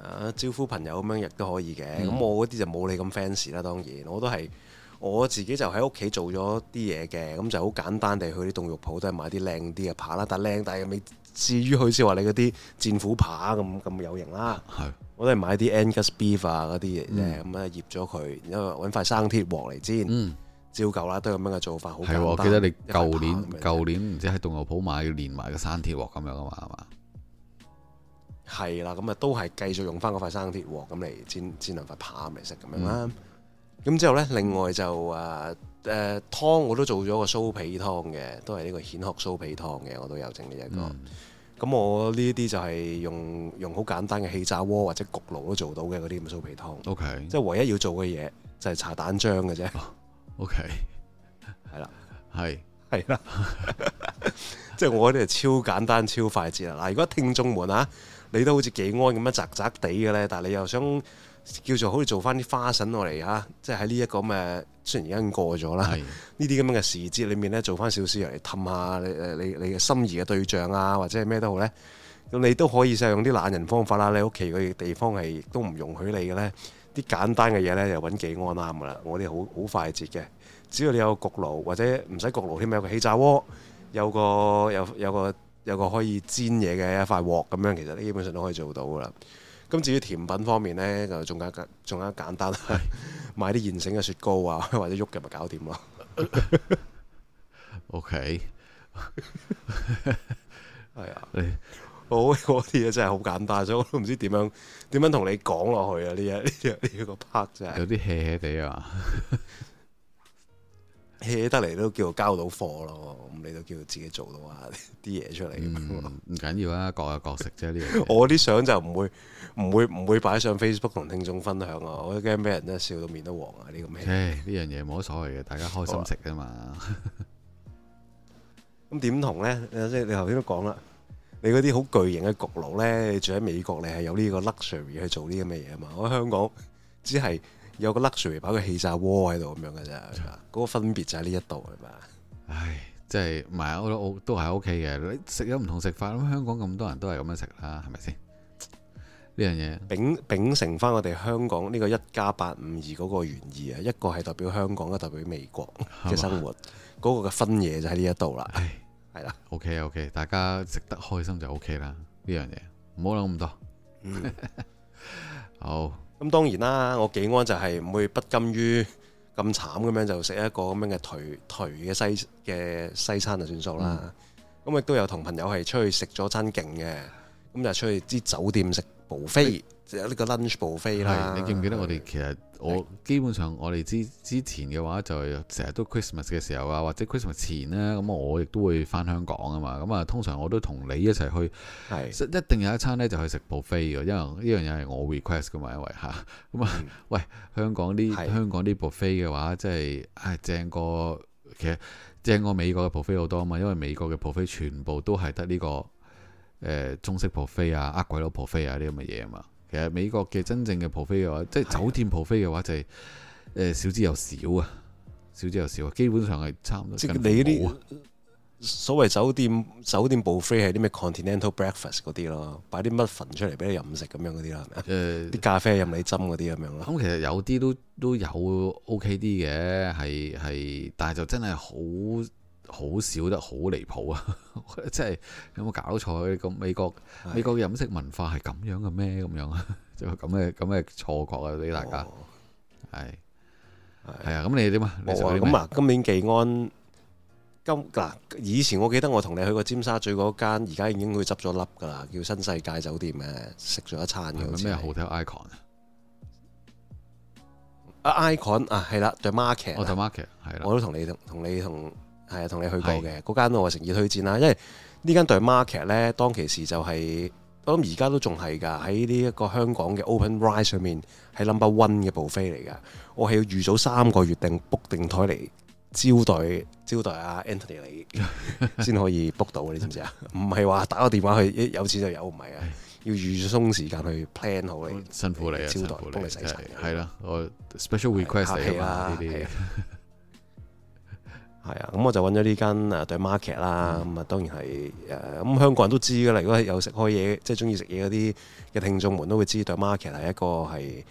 啊，招呼朋友咁樣亦都可以嘅。嗯哼。咁我嗰啲就冇你咁 fancy 啦，當然我都係。我自己就喺屋企做咗啲嘢嘅，咁就好簡單地去啲凍肉鋪，都係買啲靚啲嘅扒啦。但係靚，但係未至於好似話你嗰啲戰斧扒咁咁有型啦。係的，我都係買啲 Angus beef 啊嗰啲嘢啫，咁啊、嗯、醃咗佢，然之後揾塊生鐵鑊嚟煎，嗯、照舊啦，都係咁樣嘅做法，好簡單。係，我記得你舊年舊年唔知喺凍肉鋪買要連埋個生鐵鑊咁樣啊嘛，係嘛？係啦，咁啊都係繼續用翻嗰塊生鐵鑊咁嚟煎煎，煎兩塊扒咪食咁樣啦。嗯咁之後呢，另外就誒誒湯我都做咗個酥皮湯嘅，都係呢個蜆殼酥皮湯嘅，我都有整呢一個。咁、嗯啊、我呢啲就係用用好簡單嘅氣炸鍋或者焗爐都做到嘅嗰啲咁酥皮湯。OK，即係唯一要做嘅嘢就係搽蛋漿嘅啫。Oh, OK，係啦，係係是是啦， 即係我嗰啲係超簡單、超快捷啦。嗱、啊，如果聽眾們啊，你都好似幾安咁樣窄窄地嘅呢，但係你又想～叫做好似做翻啲花臣落嚟吓，即係喺呢一個咁嘅，雖然而家已經過咗啦。呢啲咁嘅時節裏面呢，做翻少少人嚟氹下你你你嘅心儀嘅對象啊，或者係咩都好呢。咁你都可以使用啲懶人方法啦。你屋企嘅地方係都唔容許你嘅呢啲簡單嘅嘢呢，就揾幾安啦咁啦。我哋好好快捷嘅，只要你有焗爐或者唔使焗爐添，有個氣炸鍋，有個有有個有個，有個可以煎嘢嘅一塊鑊咁樣，其實你基本上都可以做到噶啦。咁至於甜品方面呢，就仲加，加簡單，仲簡簡單係買啲現成嘅雪糕啊，或者喐嘅咪搞掂咯。OK，係啊，好嗰啲嘢真係好簡單，所以我都唔知點樣 點樣點樣同你講落去啊！呢一呢一個 part 真係有啲 heahea 地啊～hea 得嚟都叫交到貨咯，咁你都叫自己做到啊啲嘢出嚟。唔緊要啊，各有各食啫。呢樣我啲相就唔會唔會唔會擺上 Facebook 同聽眾分享啊！我驚俾人咧笑到面都黃啊！呢個咩，呢樣嘢冇乜所謂嘅，大家開心食吖嘛。咁點同咧？即係你頭先都講啦，你嗰啲好巨型嘅焗爐咧，住喺美國你係有呢個 luxury 去做呢啲咁嘅嘢啊嘛。我喺香港只係，有個 luxury 把佢氣炸鍋喺度咁樣嘅啫，嗰 個分別就喺呢一度啊嘛。唉，即係唔係我我都係 O K 嘅。你食咗唔同食法咯。香港咁多人都係咁樣食啦，係咪先？呢樣嘢秉秉承翻我哋香港呢個一加八五二嗰個原意啊，一個係代表香港，一個代表美國嘅吧生活。嗰、那個嘅分野就喺呢一度啦。係啦，O K O K，大家食得開心就 O K 啦。呢樣嘢唔好諗咁多。嗯、 好。咁當然啦，我幾安就係唔會不甘於咁慘咁樣就食一個咁樣嘅頹頹嘅西嘅西餐就算數啦。咁亦、嗯嗯、都有同朋友係出去食咗餐勁嘅，咁就出去啲酒店食 buffet，有呢是個 lunch buffet 啦。你記唔記得我哋其實？我基本上我哋之之前嘅話就成日都 Christmas 嘅時候啊，或者 Christmas 前呢，咁我亦都會翻香港啊嘛。咁啊，通常我都同你一齊去，係是的 一定有一餐呢就去食 buffet 嘅，因為呢樣嘢係我 request 噶嘛，因為吓咁啊。嗯嗯、喂，香港啲是的 香港啲 buffet 嘅話，即係唉正過，其實正過美國嘅 buffet 好多啊嘛，因為美國嘅 buffet 全部都係得呢個誒、呃、中式 buffet 啊、厄鬼佬 buffet 啊呢啲咁嘅嘢啊嘛。其實美國嘅真正嘅 buffet 嘅話，即係酒店 buffet 嘅話、就是，就係誒少之又少啊，少之又少啊，基本上係差唔多。即係你嗰啲所謂酒店酒店 buffet 係啲咩 continental breakfast 嗰啲咯，擺啲乜粉出嚟俾你飲食咁樣嗰啲啦，係咪、呃、 咖啡任你斟嗰啲咁樣咯。咁、呃、其實有啲都都有 OK 啲嘅，係係，但係就真係好好少得好離譜啊！即 係有冇搞錯？咁美國美國嘅飲食文化係咁樣嘅咩？咁對 樣啊，即咁嘅咁嘅錯覺啊！俾大家係係啊！咁你點啊？咁、哦、啊！今年記安今嗱以前我記得我同你去過尖沙咀嗰間，而家已經佢執咗笠㗎啦，叫新世界酒店嘅，食咗一餐。有咩 Hotel Icon 啊？icon 啊，係啦，The Market，The Market 係啦，我都同你同同你同。係啊，同你去過嘅嗰的間我話誠意推薦啦，因為間呢間 The Market 咧當其時就係、是，我諗而家都仲係㗎，喺呢一個香港嘅 OpenRice 上面，喺 number one 嘅 buffet 嚟㗎。我係要預早三個月定 book 定台嚟招待招待啊 Anthony 你，先 可以 book 到，你知唔知啊？唔係話打個電話去有錢就有，唔係啊， 要預鬆時間去 plan 好你，辛苦你招待你，幫你洗洗。係啦、就是，我 special request 啊呢啲。係啊，咁我就揾咗呢間誒 The Market 啦、啊，咁啊當然係誒，咁、啊嗯、香港人都知㗎啦。如果有食開嘢，即係中意食嘢嗰啲嘅聽眾們都會知 The Market 係一個係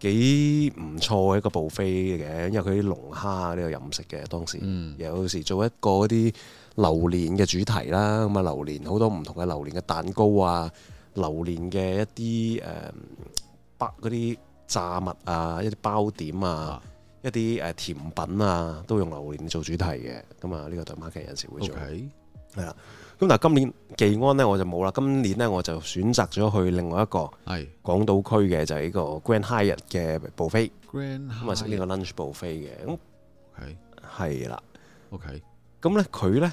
幾唔錯嘅一個 buffet 嘅，因為佢啲龍蝦呢個飲食嘅當時，有時做一個嗰啲榴蓮嘅主題啦，咁啊榴蓮好多唔同嘅榴蓮嘅蛋糕啊，榴蓮嘅一啲誒啲炸物啊，一啲包點啊。一啲誒甜品啊，都用榴蓮做主題嘅，咁啊呢個對 marketing 有時會做，係啦 Okay.。咁但今年忌安咧我就冇啦，今年咧我就選擇咗去另外一個港島區嘅的就係呢個 Grand Hyatt 嘅 buffet，咁啊食呢個 lunch buffet 嘅，咁係係啦，OK。咁咧佢咧，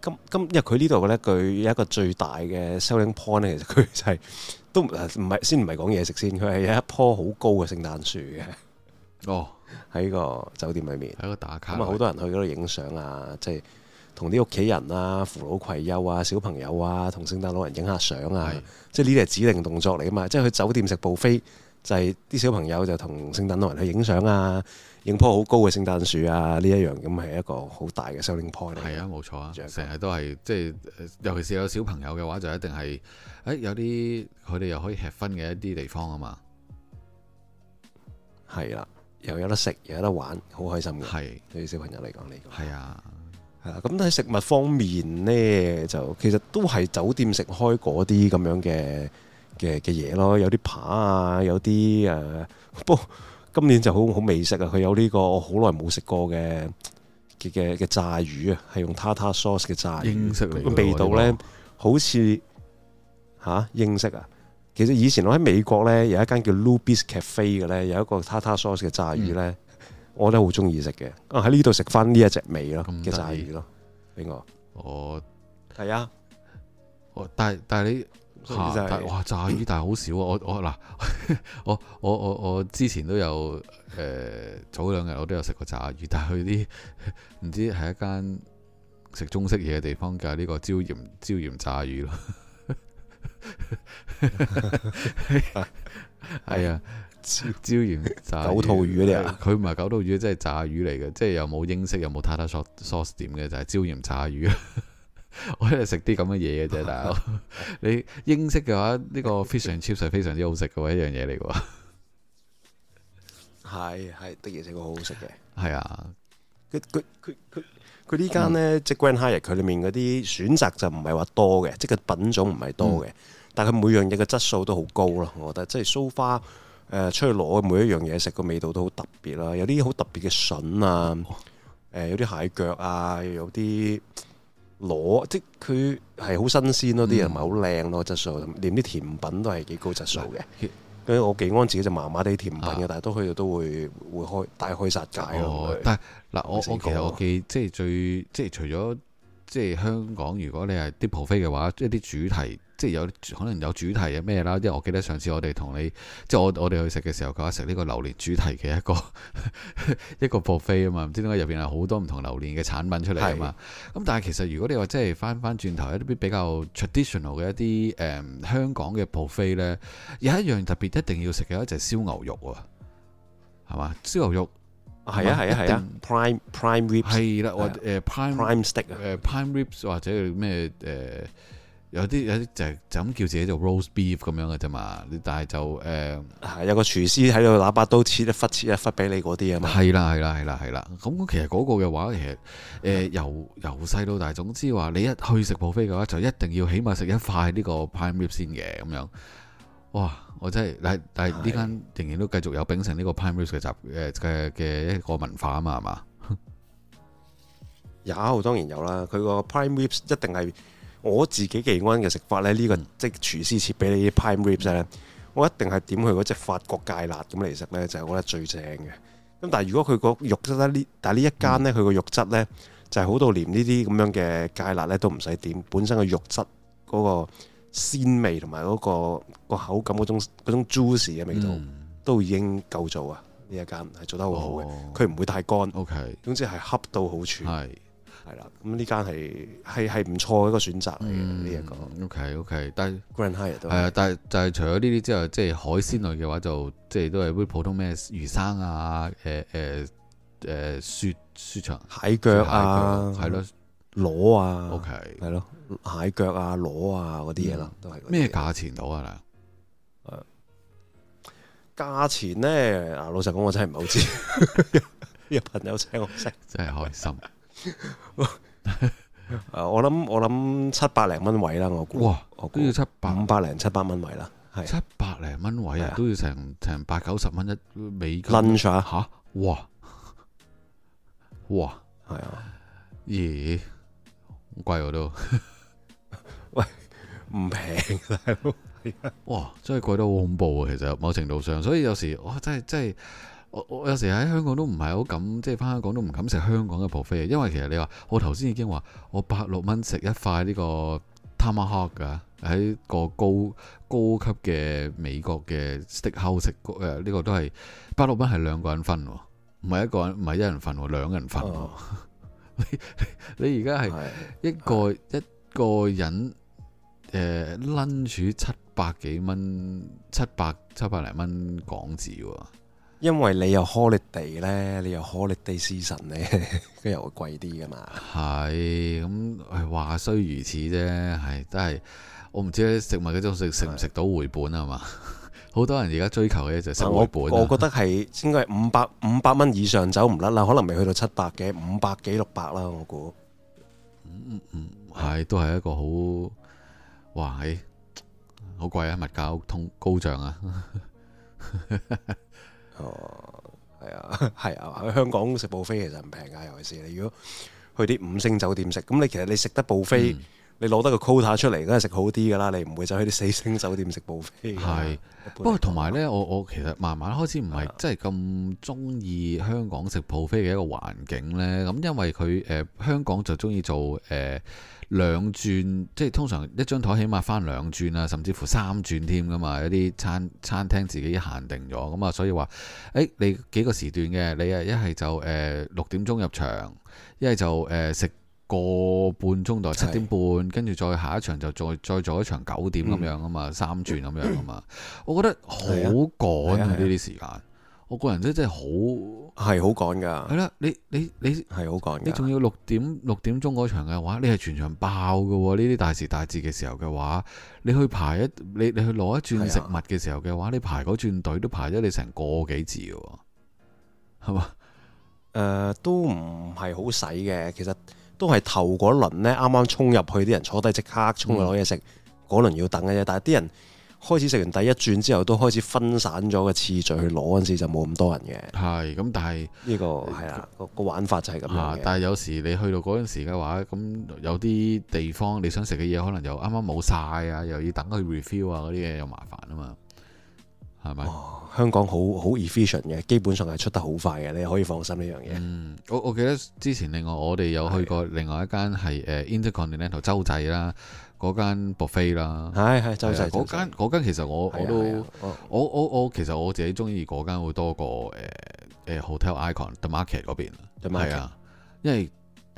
今咁因為佢呢度咧佢有一個最大嘅 selling point 咧，其實佢就係、是、都唔係先唔係講嘢食先，佢係有一棵好高嘅聖誕樹嘅，哦。Oh. 喺個酒店裏面喺度打卡，咁啊好多人去嗰度影相啊，即係同啲屋企人啊、扶老攜幼啊、小朋友啊，同聖誕老人影下相啊，的即係呢啲係指定動作嚟啊嘛！即係去酒店食布菲就係、是、啲小朋友就同聖誕老人去影相啊，影棵好高嘅聖誕樹啊，呢一樣咁係一個好大嘅 Selling point 嚟。係啊，冇錯啊，成日都係即係，尤其是有小朋友嘅話，就一定係誒、哎、有啲佢哋又可以吃分嘅一啲地方啊嘛。係啦。的 又有得食又有得玩，好開心嘅。係是對小朋友嚟講，呢係啊，係啦。咁喺食物方面呢，就其實都係酒店食開嗰啲咁樣嘅嘅嘅嘢咯。有啲扒啊，有啲誒、呃。不過今年就好好味食啊！佢有呢、呢個我好耐冇食過嘅嘅嘅炸魚啊，係用 Tata sauce 嘅炸魚，個味道呢，好似嚇、啊，英式啊！其實以前我喺美國咧，有一間叫 Lubis Cafe 嘅咧，有一個 Tata Sauce 嘅炸魚咧，嗯、我都好中意食嘅。啊，喺呢度食翻呢一隻味咯嘅炸魚咯，邊個？我係我啊，我但係但係你、就是啊、但係哇炸魚，但係好少。我我嗱，我 我我我,我之前都有誒、呃、早兩日我都有食過炸魚，但係去啲唔知係一間食中式嘢嘅地方，搞、這、呢個椒鹽椒鹽炸魚咯。係啊，椒鹽炸九肚魚嚟啊！佢唔係九肚魚，即係炸魚嚟嘅，即係又冇英式，又冇 tartar sauce 點嘅，就係椒鹽炸魚。我喺度食啲咁嘅嘢嘅啫，大佬。 的 你英式嘅話，呢、這個 fish and chips 非常超食，非常之好食嘅喎，一樣嘢嚟嘅喎。係係，的然食過好好食嘅。係啊，佢佢佢佢。佢呢間呢，嗯、即 Grand Hyatt 佢裏面嗰啲選擇就唔係話多嘅，即個品種唔係多嘅，嗯、但係佢每樣嘢嘅質素都好高咯。我覺得即、so far, 呃，即係蘇花誒出去攞每一樣嘢食，個味道都好特別啦。有啲好特別嘅筍啊，誒、呃、有啲蟹腳啊，有啲螺，即佢係好新鮮咯，啲嘢咪好靚咯，質素、嗯、連啲甜品都係幾高質素嘅、嗯。 咁我幾安自己就麻麻地甜品嘅，啊、但係都去到都會會開大開殺戒。啊、對但係嗱，啊、我我其實我記、啊、即係最即係除咗即係香港，如果你係啲布菲嘅話，即係啲主題。即係有可能有主題嘅咩啦，因為我記得上次我哋同你，即係我我哋去食嘅時候，佢話食呢個榴蓮主題嘅一個 一個 buffet 啊嘛，唔知點解入邊係好多唔同榴蓮嘅產品出嚟啊嘛。咁的但係其實如果你話即係翻翻轉頭一啲比較 traditional 嘅一啲誒、嗯、香港嘅 buffet 咧，有一樣特別一定要食嘅一隻燒牛肉啊，係嘛？燒牛肉係啊係啊係啊，prime prime ribs 係啦，我 prime prime steak 誒 prime ribs 或者咩誒。呃有啲有啲就係就咁叫自己做 roast beef 咁樣嘅啫嘛，你但係就誒，呃、有個廚師喺度攞把刀切一忽切一忽俾你嗰啲啊嘛，係啦係啦係啦係啦，咁其實嗰個嘅話其實誒、呃、的由由細到大，總之話你一去食布菲嘅話，就一定要起碼食一塊呢個 prime rib 先嘅咁樣。哇！我真係，但係呢間仍然都繼續有秉承呢個 prime rib 嘅習誒嘅嘅一個文化啊嘛，係嘛？有 當然有啦，佢個 prime ribs 一定係。我自己忌安嘅食法咧，呢、呢個即係廚師切俾你啲 prime ribs 咧、嗯，我一定係點佢嗰隻法國芥辣咁嚟食咧，就係、我覺得最正嘅。咁但係如果佢個肉質咧，呢但係呢一間咧，佢個肉質咧就係好到連呢啲咁樣嘅芥辣咧都唔使點，本身嘅肉質嗰個鮮味同埋嗰個口感嗰種嗰種 juicy 嘅味道、嗯、都已經夠做啊！呢一間係做得好好嘅，佢唔、哦、會太乾，Okay. 總之係恰到好處。係啦，咁呢間係係係唔錯嘅一個選擇嚟嘅呢一個。O K O K，但 Grand Hyatt 都係啊，但係就係除咗呢啲之外，即係海鮮類嘅話，就即係都係普通咩魚生啊，誒誒誒，雪雪場蟹腳啊，係咯，螺啊，O K，係咯，蟹腳啊，螺啊嗰啲嘢啦，都係。咩價錢到啊？啦，價錢咧，啊老實講，我真係唔係好知。有朋友請我食，真係開心。我誒、 呃，我諗我諗七百零蚊位啦，我估哇，我估要七五百零七百蚊位啦，係七百零蚊位啊，都要成成八九十蚊一美金，吓哇哇係啊，咦好貴我都 喂唔平，大佬 哇真係貴得好恐怖啊，其實某程度上，所以有時哇真係真係。真我我有時喺香港都唔係好敢，即係返香港都唔敢食香港嘅 buffet，因為其實你話我頭先已經話我百六蚊食一塊呢個 tamahawk 㗎，喺個高高級嘅美國嘅 steakhouse 食，誒、呃、呢、這個都係百六蚊係兩個人分喎，唔係一個人，唔係一人分喎，兩個人份、oh. 你而家係一個的一個人誒的、uh, lunch 七百幾蚊，七百七百零蚊港紙喎。因為你又 holiday 咧，你又 holiday season 咧，跟 住又會貴啲噶嘛。係咁，話雖如此啫，係但係我唔知食物嗰種食唔食到回本啊嘛。好 多人而家追求嘅就食回本我，我覺得係應該係五百五百蚊以上走唔甩啦，可能未去到七百嘅五百幾六百啦。我估嗯嗯嗯，係、嗯、都係一個好哇，係、哎、好貴啊！物價通高漲啊！ 哦，係啊，係啊，喺香港食 buffet 其實唔平㗎，尤其是你如果去啲五星酒店食，咁你其實你食得 buffet。你攞得個 quota 出嚟，梗係食好啲㗎啦！你唔會走去啲四星酒店食 buffet。係是，不過同埋呢，我 我其實慢慢開始唔係真係咁中意香港食 buffet 嘅一個環境呢。咁因為佢誒香港就中意做誒、呃、兩轉，即係通常一張枱起，起碼翻兩轉啊，甚至乎三轉添㗎嘛。一啲餐餐廳自己限定咗，咁啊，所以話誒、欸、你幾個時段嘅，你係一係就誒六點鐘入場，一係就誒食。呃個半鐘到七點半，跟住再下一場就再再做一場九點咁樣啊嘛，嗯、三轉咁樣啊嘛，嗯、我覺得好趕呢啲時間。我個人都真係好係好趕噶。係啦，你你你係好趕，你仲要六點六點鐘嗰場嘅話，你係全場爆噶，呢啲大時大節嘅時候嘅話，你去排一你你去攞一轉食物嘅時候嘅話，的你排嗰轉隊都排咗你成個幾字嘅，係嘛？誒，都唔係好使嘅，其實。都係頭嗰輪呢，啱啱衝入去啲人坐低即刻衝去攞嘢食，嗰輪、嗯、要等嘅啫。但係啲人開始食完第一轉之後，都開始分散咗個次序去攞嗰時，就冇咁多人嘅。係咁，但係呢、這個係啦，個玩法就係咁、啊。但係有時你去到嗰陣時嘅話，咁有啲地方你想食嘅嘢可能又啱啱冇晒啊，又要等佢 refill 啊嗰啲嘢又麻煩啊嘛。係咪、哦？香港好好 efficient 嘅，基本上係出得好快嘅，你可以放心呢樣嘢。嗯，我我記得之前另外我哋有去過另外一間係誒 Intercontinental 洲際啦，嗰間 buffet 啦，係係洲際嗰間嗰仔間其實我我都我我我其實我自己中意嗰間會多過誒誒、呃呃、Hotel Icon The Market 嗰邊，係啊 The Market?，因為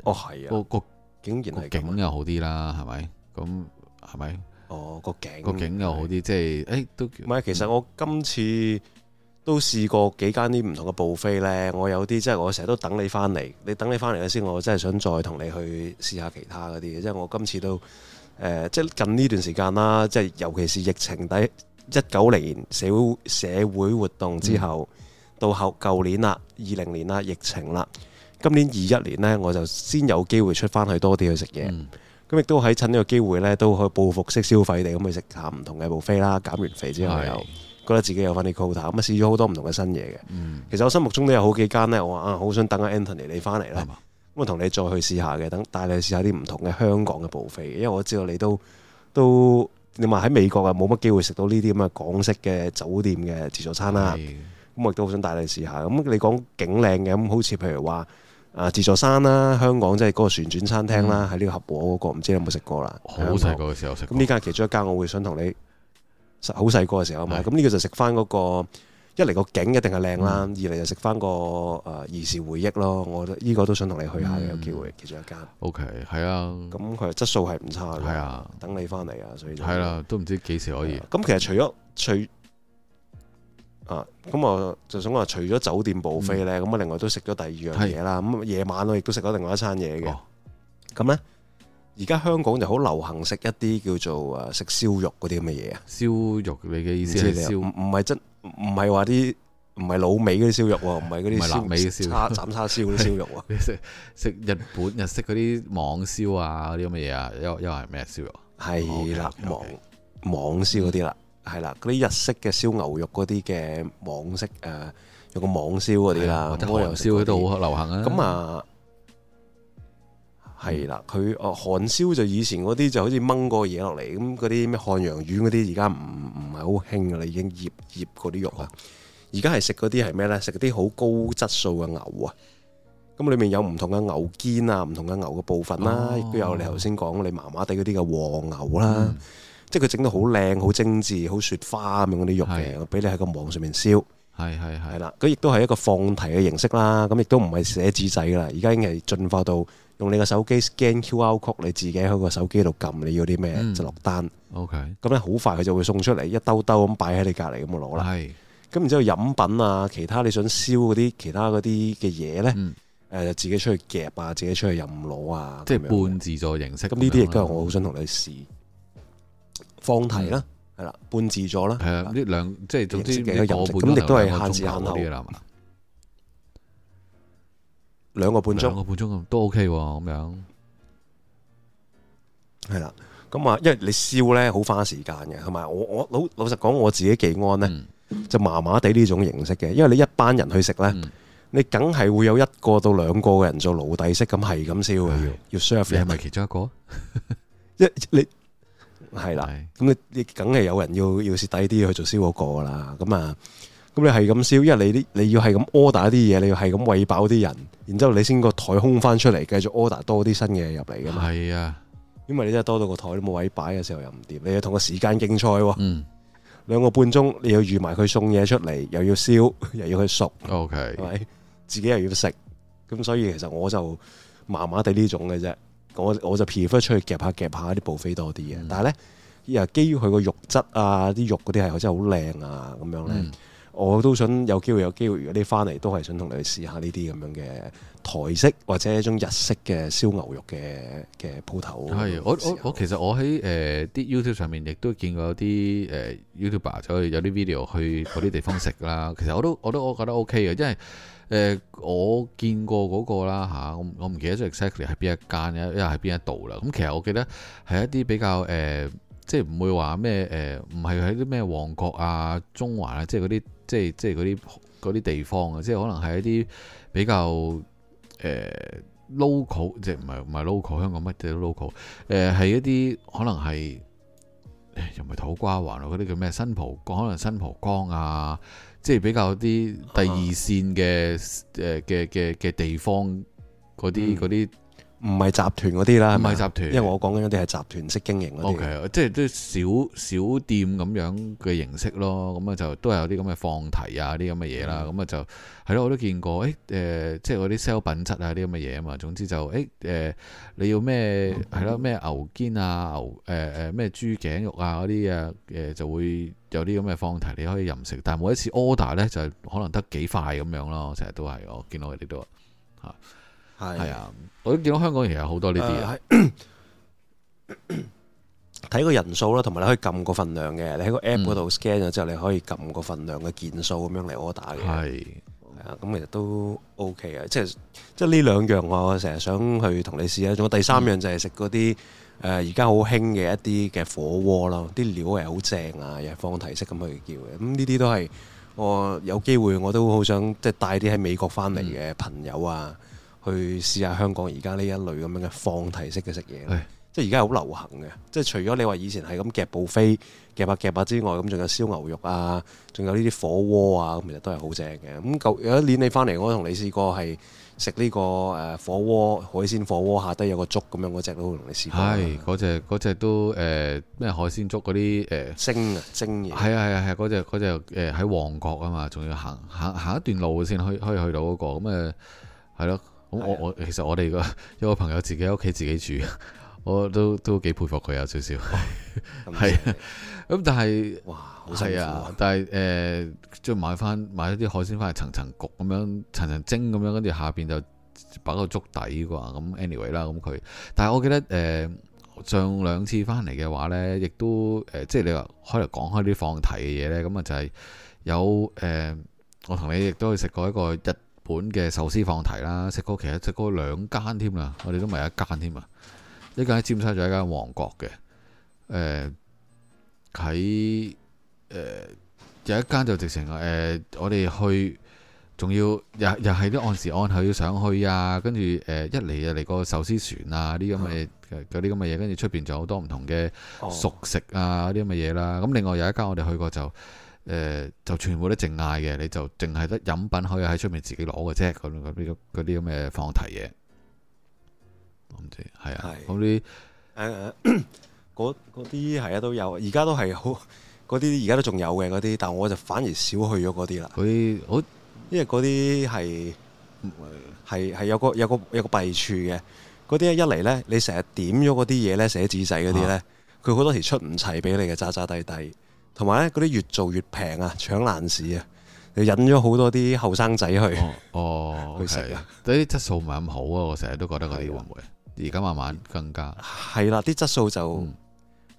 哦係啊，個個、哦、景景又好啲啦，係咪？咁係咪？哦，個景個景又好啲，是即係誒、哎、都唔係。其實我今次都試過幾間啲唔同嘅 buffet 呢。我有啲即係我成日都等你返嚟，你等你返嚟先，我真係想再同你去試下其他嗰啲。即係我今次都、呃、即係近呢段時間啦，即係尤其是疫情底一九年社會社會活動之後，嗯、到後舊年啦，二零年啦，疫情啦，今年二一年呢，我就先有機會出返去多啲去食嘢。嗯咁亦都喺趁呢個機會咧，都可以報復式消費哋咁去食下唔同嘅 buffet 啦，減完肥之後又的覺得自己有翻啲 quota，咁啊，試咗好多唔同嘅新嘢嘅。嗯、其實我心目中都有好幾間咧，我啊，好想等阿 Anthony 你翻嚟啦，咁的我同你再去試下嘅，等帶你去試下啲唔同嘅香港嘅 buffet。因為我知道你都都你話喺美國啊，冇乜機會食到呢啲咁嘅港式嘅酒店嘅自助餐啦。咁的我亦都好想帶你去試下。咁、嗯、你講景靚嘅咁，好似譬如話。啊！自助餐啦，香港即係嗰個旋轉餐廳啦，喺呢個合和嗰個，唔知你有冇食過啦。好細個嘅時候食。咁呢間係其中一間，我會想同你，好細個嘅時候買。咁呢個就食翻嗰個，一嚟個景一定係靚啦，二嚟就食翻個誒兒時回憶咯。我呢個都想同你去下嘅有機會，其中一間。OK，係啊。咁佢質素係唔差嘅。係啊。等你翻嚟啊，所以。係啦，都唔知幾時可以。咁其實除咗除。啊，咁我就想話除咗酒店 buffet 咧，咁我、嗯、另外都食咗第二樣嘢啦。咁夜是、嗯、晚我亦都食咗另外一餐嘢嘅。咁咧、哦，而家香港就好流行食一啲叫做啊食燒肉嗰啲咁嘅嘢啊。燒肉，你嘅意思係咧？唔唔係真，唔係話啲唔係老味嗰啲燒肉喎，唔係嗰啲味尾叉斬叉，叉，叉燒嗰啲燒肉啊，食 日本日式嗰啲網燒啊，嗰啲咁嘅嘢啊，又又係咩燒肉？係啦，網網燒嗰啲啦。嗯係啦，嗰啲日式嘅燒牛肉嗰啲嘅網式，誒、啊，有用個網燒嗰啲啦，網燒都好流行啊。咁啊，係啦，佢哦，韓燒就以前嗰啲就好似掹個嘢落嚟，咁嗰啲咩漢陽丸嗰啲，而家唔唔係好興噶啦，已經醃醃嗰啲肉啦。而家係食嗰啲係咩咧？食啲好高質素嘅牛啊，咁裏面有唔同嘅牛肩啊，唔、嗯、同嘅牛嘅部分啦，亦都、嗯、有你頭先講你麻麻地嗰啲嘅和牛啦。嗯嗯即係佢整到好靚、好精致、好雪花咁嗰啲肉嘅，俾的你喺個網上面燒，係系係啦。咁亦都係一個放題嘅形式啦。咁亦都唔係寫紙仔噶啦。而家已經係進化到用你個手機 scan QR code，你自己喺個手機度撳你要啲咩就落單。嗯、OK，咁咧好快佢就會送出嚟一兜兜咁擺喺你隔籬咁就攞啦。咁的然之後飲品啊，其他你想燒嗰啲其他嗰啲嘅嘢咧，誒、嗯呃、自己出去夾啊，自己出去任攞啊，即係半自助形式。咁呢啲亦都係我好想同你試。放題啦，係啦，半自助啦，係啊，呢兩即係總之咁，亦都係限時限後啲嘅啦嘛。兩個半鐘，兩個半鐘都 OK 喎，咁樣。係啦。咁啊，因為你燒咧好花時間嘅，同埋我我老老實講，我自己寄安咧就麻麻地呢種形式嘅，因為你一班人去食咧，你梗係會有一個到兩個嘅人做奴隸式咁係咁燒嘅，要要 serve 你係咪其中一個？即你。係啦，咁的你你梗係有人要要蝕底啲去做燒嗰個啦，咁啊，咁你係咁燒，因為你啲你要係咁 order 啲嘢，你要係咁餵飽啲人，然之後你先個台空翻出嚟，繼續 order 多啲新嘢入嚟噶嘛。係啊的，因為你真係多到個台都冇位擺嘅時候又唔掂，你要同個時間競賽，兩、嗯、個半鐘你要預埋佢送嘢出嚟，又要燒，又要去熟，OK，係咪？自己又要食，咁所以其實我就麻麻地呢種嘅啫。我我就 prefer 出去夾下夾下啲 buffet 多啲嘅，嗯、但係咧，啊基於佢個肉質啊，啲肉嗰啲係真係好靚啊咁樣咧，嗯、我都想有機會有機會，如果你翻嚟都係想同你去試下呢啲咁樣嘅。台式或者一種日式嘅燒牛肉嘅嘅鋪頭，係我我我其實我喺誒啲 YouTube 上面亦都見過、呃、有啲誒 YouTuber 走去有啲 video 去嗰啲地方食啦， 其實我都我都我覺得 OK 嘅，因為誒、呃、我見過嗰、那個啦嚇、啊，我我唔記得 exactly 係邊一間，因為一又係邊一度啦。咁、嗯、其實我記得係一啲比較誒，即係唔會話咩誒，唔係喺啲咩旺角啊、中環啊，即係嗰啲即係即係嗰啲啲地方啊，即、就、係、是、可能係一啲比較。誒、uh, local 即唔係唔係 local 香港乜都 local，誒、呃、係一啲可能係、哎、又唔係土瓜灣咯，嗰啲叫咩新蒲崗，可能新蒲崗啊，即係比較啲第二線嘅誒嘅嘅嘅地方啲嗰啲。唔係集團嗰啲啦，唔係集團，因為我講緊嗰啲係集團式經營 Okay，即係都小小店咁樣嘅形式咯，咁啊就都係有啲咁嘅放題啊啲咁嘅嘢啦，咁啊就係咯，我都見過，誒、欸呃，即係嗰啲 sell 品質啊啲咁嘅嘢啊嘛，總之就誒誒、欸呃，你要咩係咯咩牛肩啊牛誒誒咩豬頸肉啊嗰啲啊誒就會有啲咁嘅放題你可以任食，但係每一次 order 咧就係可能得幾塊咁樣咯，成日都係我見到佢哋都嚇。係啊！我都見到香港其實好多呢啲嘢，睇、呃、 個人數啦，同埋你可以撳個份量嘅。你喺個 app 嗰度 scan 咗之後，嗯、你可以撳個份量嘅件數咁樣嚟 order 嘅。係係是啊，咁其實都 OK 啊，即係即係呢兩樣我成日想去同你試下。仲有第三樣就係食嗰啲誒而家好興嘅一啲嘅火鍋咯，啲料係好正啊，又係放題式咁去叫嘅。咁呢啲都係我有機會我都好想即係帶啲喺美國翻嚟嘅朋友啊。嗯去試下香港而家呢一類咁樣嘅放題式嘅食嘢唉，即係而家好流行嘅。即係除咗你話以前係咁夾布飛夾啊夾啊之外，咁仲有燒牛肉啊，仲有呢啲火鍋啊，咁其實都係好正嘅。咁舊有一年你翻嚟，我同你試過係食呢個誒火鍋海鮮火鍋，下低有個粥咁樣嗰隻都同你試過。係嗰隻隻都誒咩、呃、海鮮粥嗰啲誒蒸啊蒸嘢。係啊係啊係嗰隻嗰隻誒喺旺角啊嘛，仲、嗰個嗰個嗰個、要行行行一段路先可以可以去到嗰、嗰個咁誒係咯。嗯、我我其實我哋個有個朋友自己喺屋企自己煮，我都都幾佩服佢有少少，係咁但係哇係啊，但係誒，即係、呃、買翻買咗啲海鮮翻嚟，層層焗咁樣，層層蒸咁樣，跟住下邊就擺個粥底啩。咁 anyway 啦，咁佢，但係我記得誒、呃，上兩次翻嚟嘅話呢，亦都誒、呃，即係你話可能講開啲放題嘅嘢呢。咁啊就係有誒、呃，我同你亦都去食過一個本嘅壽司放題啦，食過其實食過兩間添啦，我哋都唔係一間添啊，一間喺尖沙咀，一間旺角嘅。誒喺誒有一間就直情誒、呃、我哋去，仲要又又係啲按時按候要上去啊，跟住誒一嚟就嚟個壽司船啊，啲咁嘅啲咁嘅嘢，跟住出邊仲有好多唔同嘅熟食啊啲咁嘅嘢啦。咁、哦、另外有一間我哋去過就。誒、呃、就全部都淨嗌嘅，你就淨係得飲品可以喺出面自己攞嘅啫。嗰啲嗰啲咁嘅放題嘢，係啊，嗰啲嗰啲係啊都有，而家都係好嗰啲而家都仲有嘅嗰啲，但我就反而少去咗嗰啲啦。佢好，因為嗰啲係係係有個有個有個弊處嘅，嗰啲一嚟呢，你成日點咗嗰啲嘢呢，寫紙仔嗰啲呢，佢好、啊、多時出唔齊俾你嘅渣渣低低。喇喇喇喇喇喇同埋咧，嗰啲越做越平啊，搶爛市啊，又引咗好多啲後生仔去哦，哦，去食啊，嗰啲質素唔係咁好啊，我成日都覺得嗰啲會唔會？而家慢慢更加係啦，啲質素就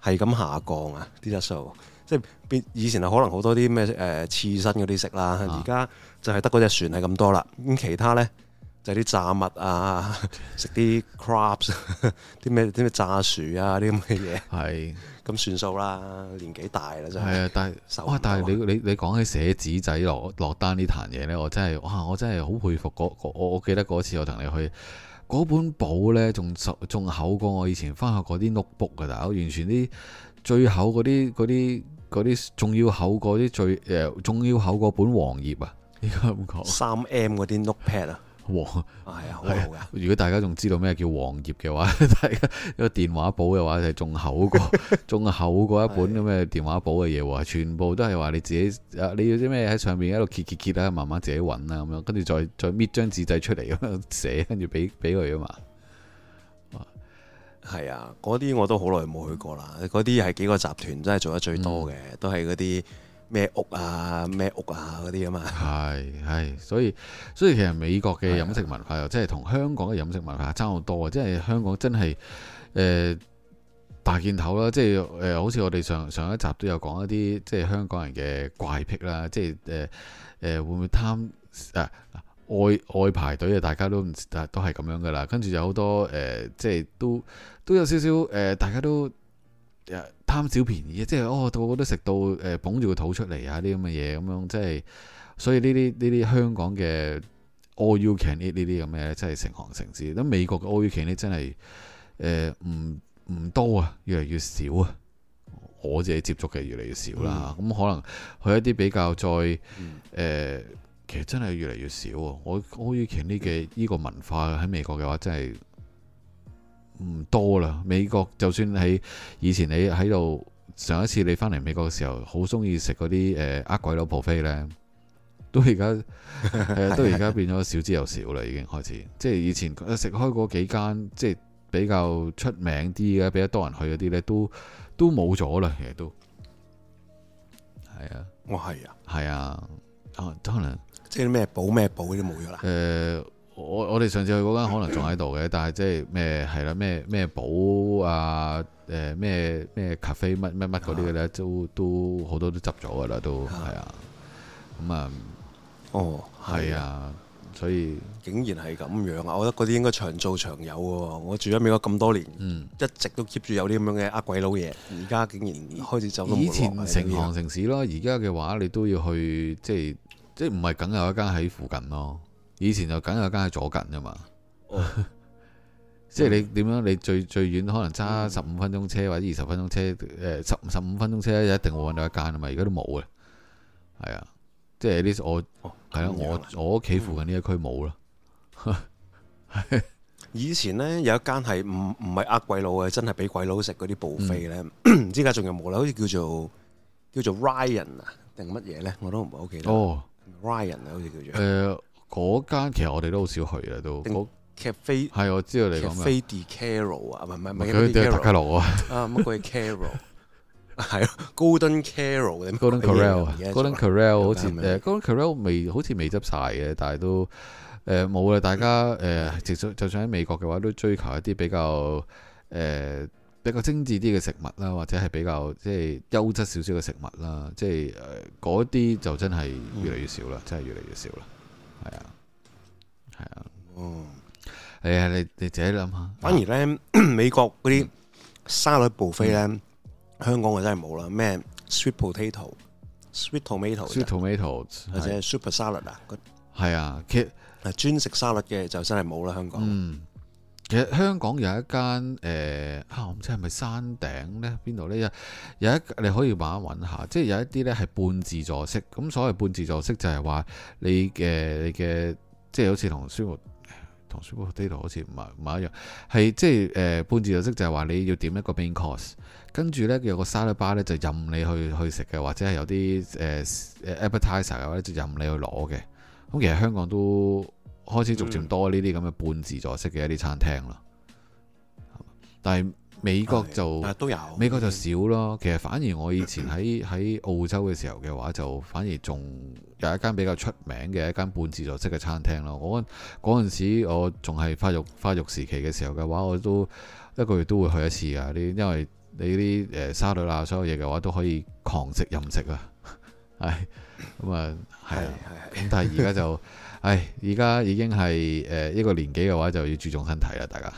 係咁下降啊，啲質素，即係以前可能好多啲咩誒刺身嗰啲食啦，而家就係得嗰隻船係咁多啦，咁其他呢？就啲炸物啊，食啲 c r a p s 啲咩啲咩炸薯啊，啲咁嘅嘢。係咁算數啦，年紀大啦，真係係啊，但係哇，但係你你你講起寫紙仔落落單呢壇嘢咧，我真係哇，我真係好佩服，我我記得嗰次我同你去嗰本簿咧，仲仲厚過我以前翻學嗰啲 notebook 嘅，大佬，完全啲最厚嗰啲嗰啲啲仲要厚過啲最誒仲要厚過本黃頁啊？點解咁講？三 M 嗰啲 note pad 啊？黃係王啊，的好嘅。如果大家仲知道咩叫黃頁嘅話，大家個電話簿嘅話就係仲厚過，仲 厚過一本咁嘅電話簿嘅嘢， 的全部都係話你自己，誒，你要啲咩喺上面一路揭揭揭啦，慢慢自己揾啊。咁樣，跟住再再搣張紙仔出嚟咁樣寫，跟住俾俾佢啊嘛。係啊，嗰啲我都好耐冇去過啦。嗰啲係幾個集團真係做得最多嘅，嗯、都係嗰啲。咩屋啊咩屋啊嗰啲啊嘛，係係，所以所以其實美國嘅飲食文化又真係同香港嘅飲食文化差好多啊！即係香港真係誒、呃、大件頭啦，即係誒、呃、好似我哋上上一集都有講一啲即係香港人嘅怪癖啦，即係誒誒會唔會貪啊、呃、愛愛排隊啊？大家都唔都係咁樣噶啦，跟住有好多誒、呃、即係都都有少少誒、呃、大家都。Yeah. 貪小便宜即係哦，我覺得食到誒捧住個肚出嚟啊！啲咁嘅嘢咁樣，即係所以呢啲呢啲香港嘅 all you can eat 呢啲咁嘅嘢，真係成行成市。咁美國嘅 all you can eat 真係誒唔唔多啊，越嚟越少啊。我自己接觸嘅越嚟越少啦、啊。咁、mm. 可能去一啲比較再誒、呃，其實真係越嚟越少啊。我 all you can eat 嘅呢個文化喺美國嘅話，真係～唔多啦，美國就算喺以前你喺度上一次你翻嚟美國嘅時候，好中意食嗰啲誒厄鬼佬 buffet 呢，都而家，呃、 都而家變咗少之又少啦，已經開始。即係以前食開嗰幾間，即係比較出名啲嘅，比較多人去嗰啲呢，都都冇咗啦，其實都。係啊，我係啊，係啊，啊當然即都即係咩堡咩堡都冇咗啦。呃我我哋上次去嗰間可能仲喺度嘅，但係即係咩係啦咩咩寶啊誒咩咩 cafe 乜乜乜嗰啲嘅咧，都都好多都執咗噶啦，都係啊咁啊哦係啊、嗯，所以竟然係咁樣啊！我覺得嗰啲應該長做長有嘅。我住咗美國咁多年，嗯、一直都 keep 住有啲咁樣嘅呃鬼佬嘢，而家竟然開始走都冇。以前成行成市咯，而家嘅話你都要去即係即係唔係梗有一間喺附近咯。以前就梗有間係左近啫嘛， 即係你點樣你最最遠可能揸十五分鐘車或者二十分鐘車誒十十五分鐘車一定會搵到一間啊嘛，而家都冇嘅，係啊，即係呢。我係啊我我屋企附近呢一區冇啦。 以前呢，有一間係唔唔係呃鬼佬嘅，真係俾鬼佬食嗰啲 buffet 咧，唔知，而家仲、嗯、 有冇咧？好似叫做叫做 Ryan 啊定乜嘢咧？我都唔係好記得。哦，Ryan 啊，好似叫做誒。嗯嗰間其實我哋都好少去啦，都。個 cafe 係我知道你講咩 cafe de carol 啊，唔係唔係，佢哋卡羅啊。啊，乜鬼 carol？係 Golden Carrol，Golden Carrol 啊，Golden Carrol 好似誒，Golden Carrol 未好似未執晒嘅，但係都誒冇啦。大家誒，就算喺美國嘅話，都追求一啲比較誒比較精緻啲嘅食物啦，或者係比較即係優質少少嘅食物啦，即係誒嗰啲就真係越嚟越少啦，真係越嚟越少啦。係啊，係啊，哦哇，你啊、哎，你你自己諗下，反而咧哇 美國嗰啲沙律布菲咧，嗯、香港我真係冇啦，咩 sweet potato、sweet tomato、sweet tomatoes 或者 super salad 啊，係啊，其專食沙律嘅就真係冇啦，香港。嗯其實香港有一間誒，我、呃、唔知係咪山頂咧？邊度咧有有一你可以慢慢揾下，即係有一啲咧係半自助式。咁所謂半自助式就係話你嘅你嘅即係好似同舒活同舒活啲度好似唔係唔一樣，係即係誒、呃、半自助式就係話你要點一個 main course，跟住咧有個沙律吧咧就任你去去食嘅，或者係有啲誒誒、呃、appetizer 嘅話就任你去攞嘅。咁其實香港都～開始逐漸多呢啲咁嘅半自助式嘅一啲餐廳咯，但係美國就都有，美國就少咯。其實反而我以前喺喺澳洲嘅時候嘅話，就反而仲有一間比較出名嘅一間半自助式嘅餐廳咯。我嗰陣時我仲係發育發育時期嘅時候嘅話，我都一個月都會去一次㗎。你因為你啲誒沙律啊，所有嘢嘅話都可以狂食任食、 嗯、啊。係咁啊，係但係而家就。唉，而家、哎、已經係誒、呃、一個年紀嘅話，就要注重身體啦，大家。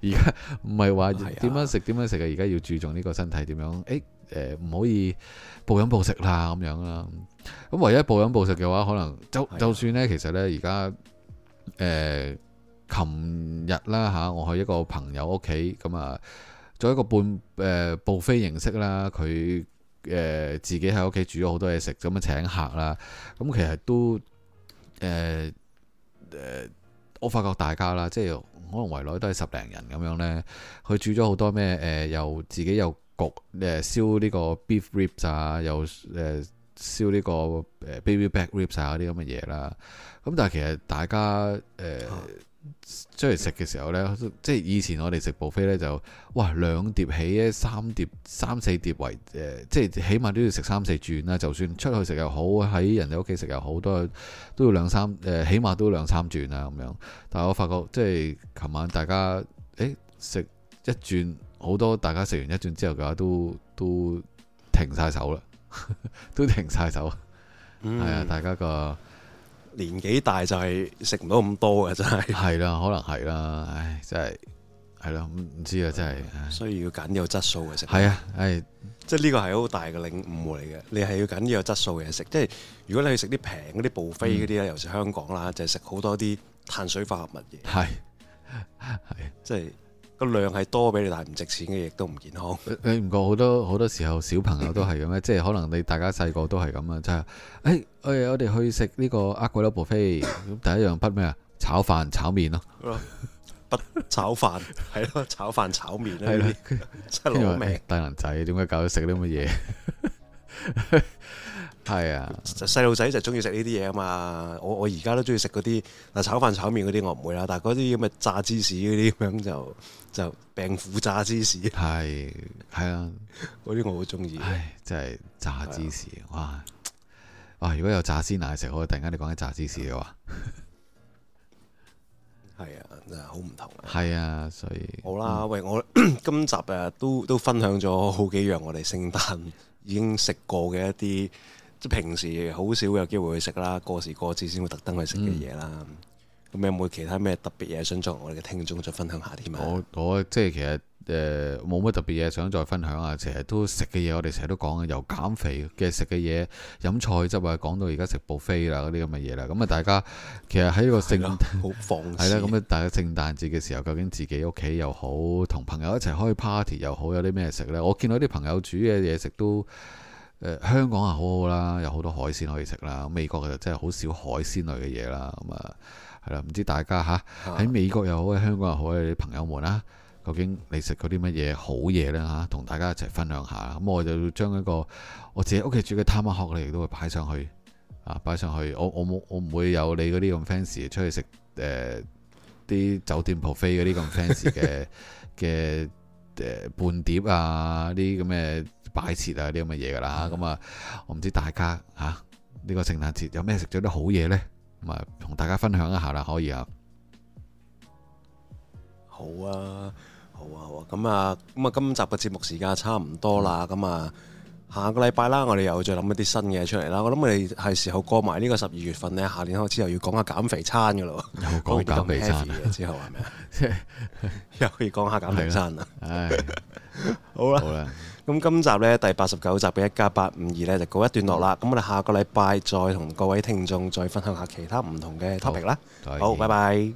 而家唔係話點樣食點樣食嘅，而家要注重呢個身體點樣？誒、欸，誒、呃、唔可以暴飲暴食啦，咁樣啦。咁唯一暴飲暴食嘅話，可能就就算呢。其實呢，而家誒，琴日啦吓、啊，我去一個朋友屋企，咁、嗯、啊，做一個半誒 buffet 形式啦，佢誒、呃、自己喺屋企煮咗好多嘢食，咁樣請客啦，咁、嗯、其實都。誒誒、呃呃，我發覺大家啦，即係可能圍內都係十零人咁樣呢。佢煮咗好多咩誒、呃，又自己又焗誒、呃，燒呢個 beef ribs 啊，又誒、呃、燒呢個 baby back ribs 啊嗰啲咁嘅嘢啦。咁但係其實大家誒、呃啊出嚟食嘅時候呢，即係以前我哋食 buffet 呢，就，哇兩碟起咧，三碟三四碟為誒、呃，即係起碼都要食三四轉啦。就算出去食又好，喺人哋屋企食又好，都都要兩三誒、呃，起碼都兩三轉啊咁樣。但係我發覺即係琴晚大家誒食、欸、一轉，好多大家食完一轉之後嘅話都都停晒手啦，都停晒手了。係、 嗯、啊，大家個。年紀大就係食唔到咁多嘅，真係，係啦，可能係啦，唉，真係，係咯，唔唔知啊，真係，所以要揀有質素嘅食係啊，係，即係呢個係好大嘅領悟嚟嘅，你係要揀有質素嘢食，即係如果你去食啲平啲暴飛啲咧，嗯、尤其香港啦，就係食好多啲碳水化合物嘢，係係，即係。個量係多俾你，但係唔值錢嘅嘢亦都唔健康。你唔覺好多好多時候小朋友都係咁咩？ 即係可能你大家細個都係咁啊！真、就、係、是，誒、欸欸，我哋去食呢個厄鬼佬薄飛， 第一樣筆咩啊？ 炒飯炒麵咯，筆炒飯係咯，炒飯、啊、 炒麵係咯，細路唔明。大男仔點解搞到食啲咁嘅嘢？係 啊，細路仔就中意食呢啲嘢啊嘛！我我而家都中意食嗰啲嗱炒飯炒麵嗰啲，我唔會啦。但係嗰啲咁嘅炸芝士嗰啲咁樣就。就病苦炸芝士，係係啊，嗰啲 我好中意。唉，真係炸芝士，啊、哇哇！如果有炸鮮奶食，可以突然間你講起炸芝士嘅話，係 啊，真係好唔同、啊。係啊，所以好啦吧，嗯、喂，我 今集誒、啊、都都分享咗好幾樣我哋聖誕已經食過嘅一啲，即係平時好少有機會去食啦，過時過節先會特登去食嘅嘢啦。嗯咁有冇其他咩特別嘢想作我哋嘅聽眾再分享下添？我我即係其實誒冇乜特別嘢想再分享啊！成日都食嘅嘢，我哋成日都講啊，由減肥嘅食嘅嘢、飲菜汁啊，講到而家食 buffet 啦嗰啲咁嘅嘢啦。咁啊，大家其實喺個聖，好放肆。係啦，咁啊，大家聖誕節嘅時候，究竟自己屋企又好，同朋友一齊開 party 又好，有啲咩食呢？我見到啲朋友煮嘅嘢食都誒、呃，香港係好好啦，有好多海鮮可以食啦。美國其實真係好少海鮮類嘅嘢啦，咁啊～唔知大家嚇喺、啊、美國又好喺香港又好嘅啲朋友們啦，究竟你食過啲乜嘢好嘢咧嚇？同大家一齊分享下。咁我就將一個我自己屋企煮嘅 Tomahawk 你亦都會擺上去啊，擺上去。我我冇我唔會有你嗰啲咁 fancy 出去食誒啲酒店 buffet 嗰啲咁 fancy 嘅嘅誒伴碟啊啲咁嘅擺設啊啲咁嘅嘢噶啦。咁啊，我唔的、嗯、知大家嚇呢、啊這個聖誕節有咩食咗啲好嘢呢？咁啊，同大家分享一下啦，可以啊，啊？好啊，好啊，咁啊，咁啊，今集嘅節目時間差唔多啦，咁、嗯、啊，下個禮拜啦，我哋又再諗一啲新嘢出嚟啦，我諗我哋係時候過埋呢個十二月份呢，下年開始又要講下減肥餐噶啦，又講減肥餐啦，之後係咪？又可以講下減肥餐啦，好啦，好啦。咁今集呢，第八十九集嘅一家八五二呢，就告一段落啦。咁我哋下個禮拜再同各位聽眾再分享下其他唔同嘅 topic 啦。好，拜拜。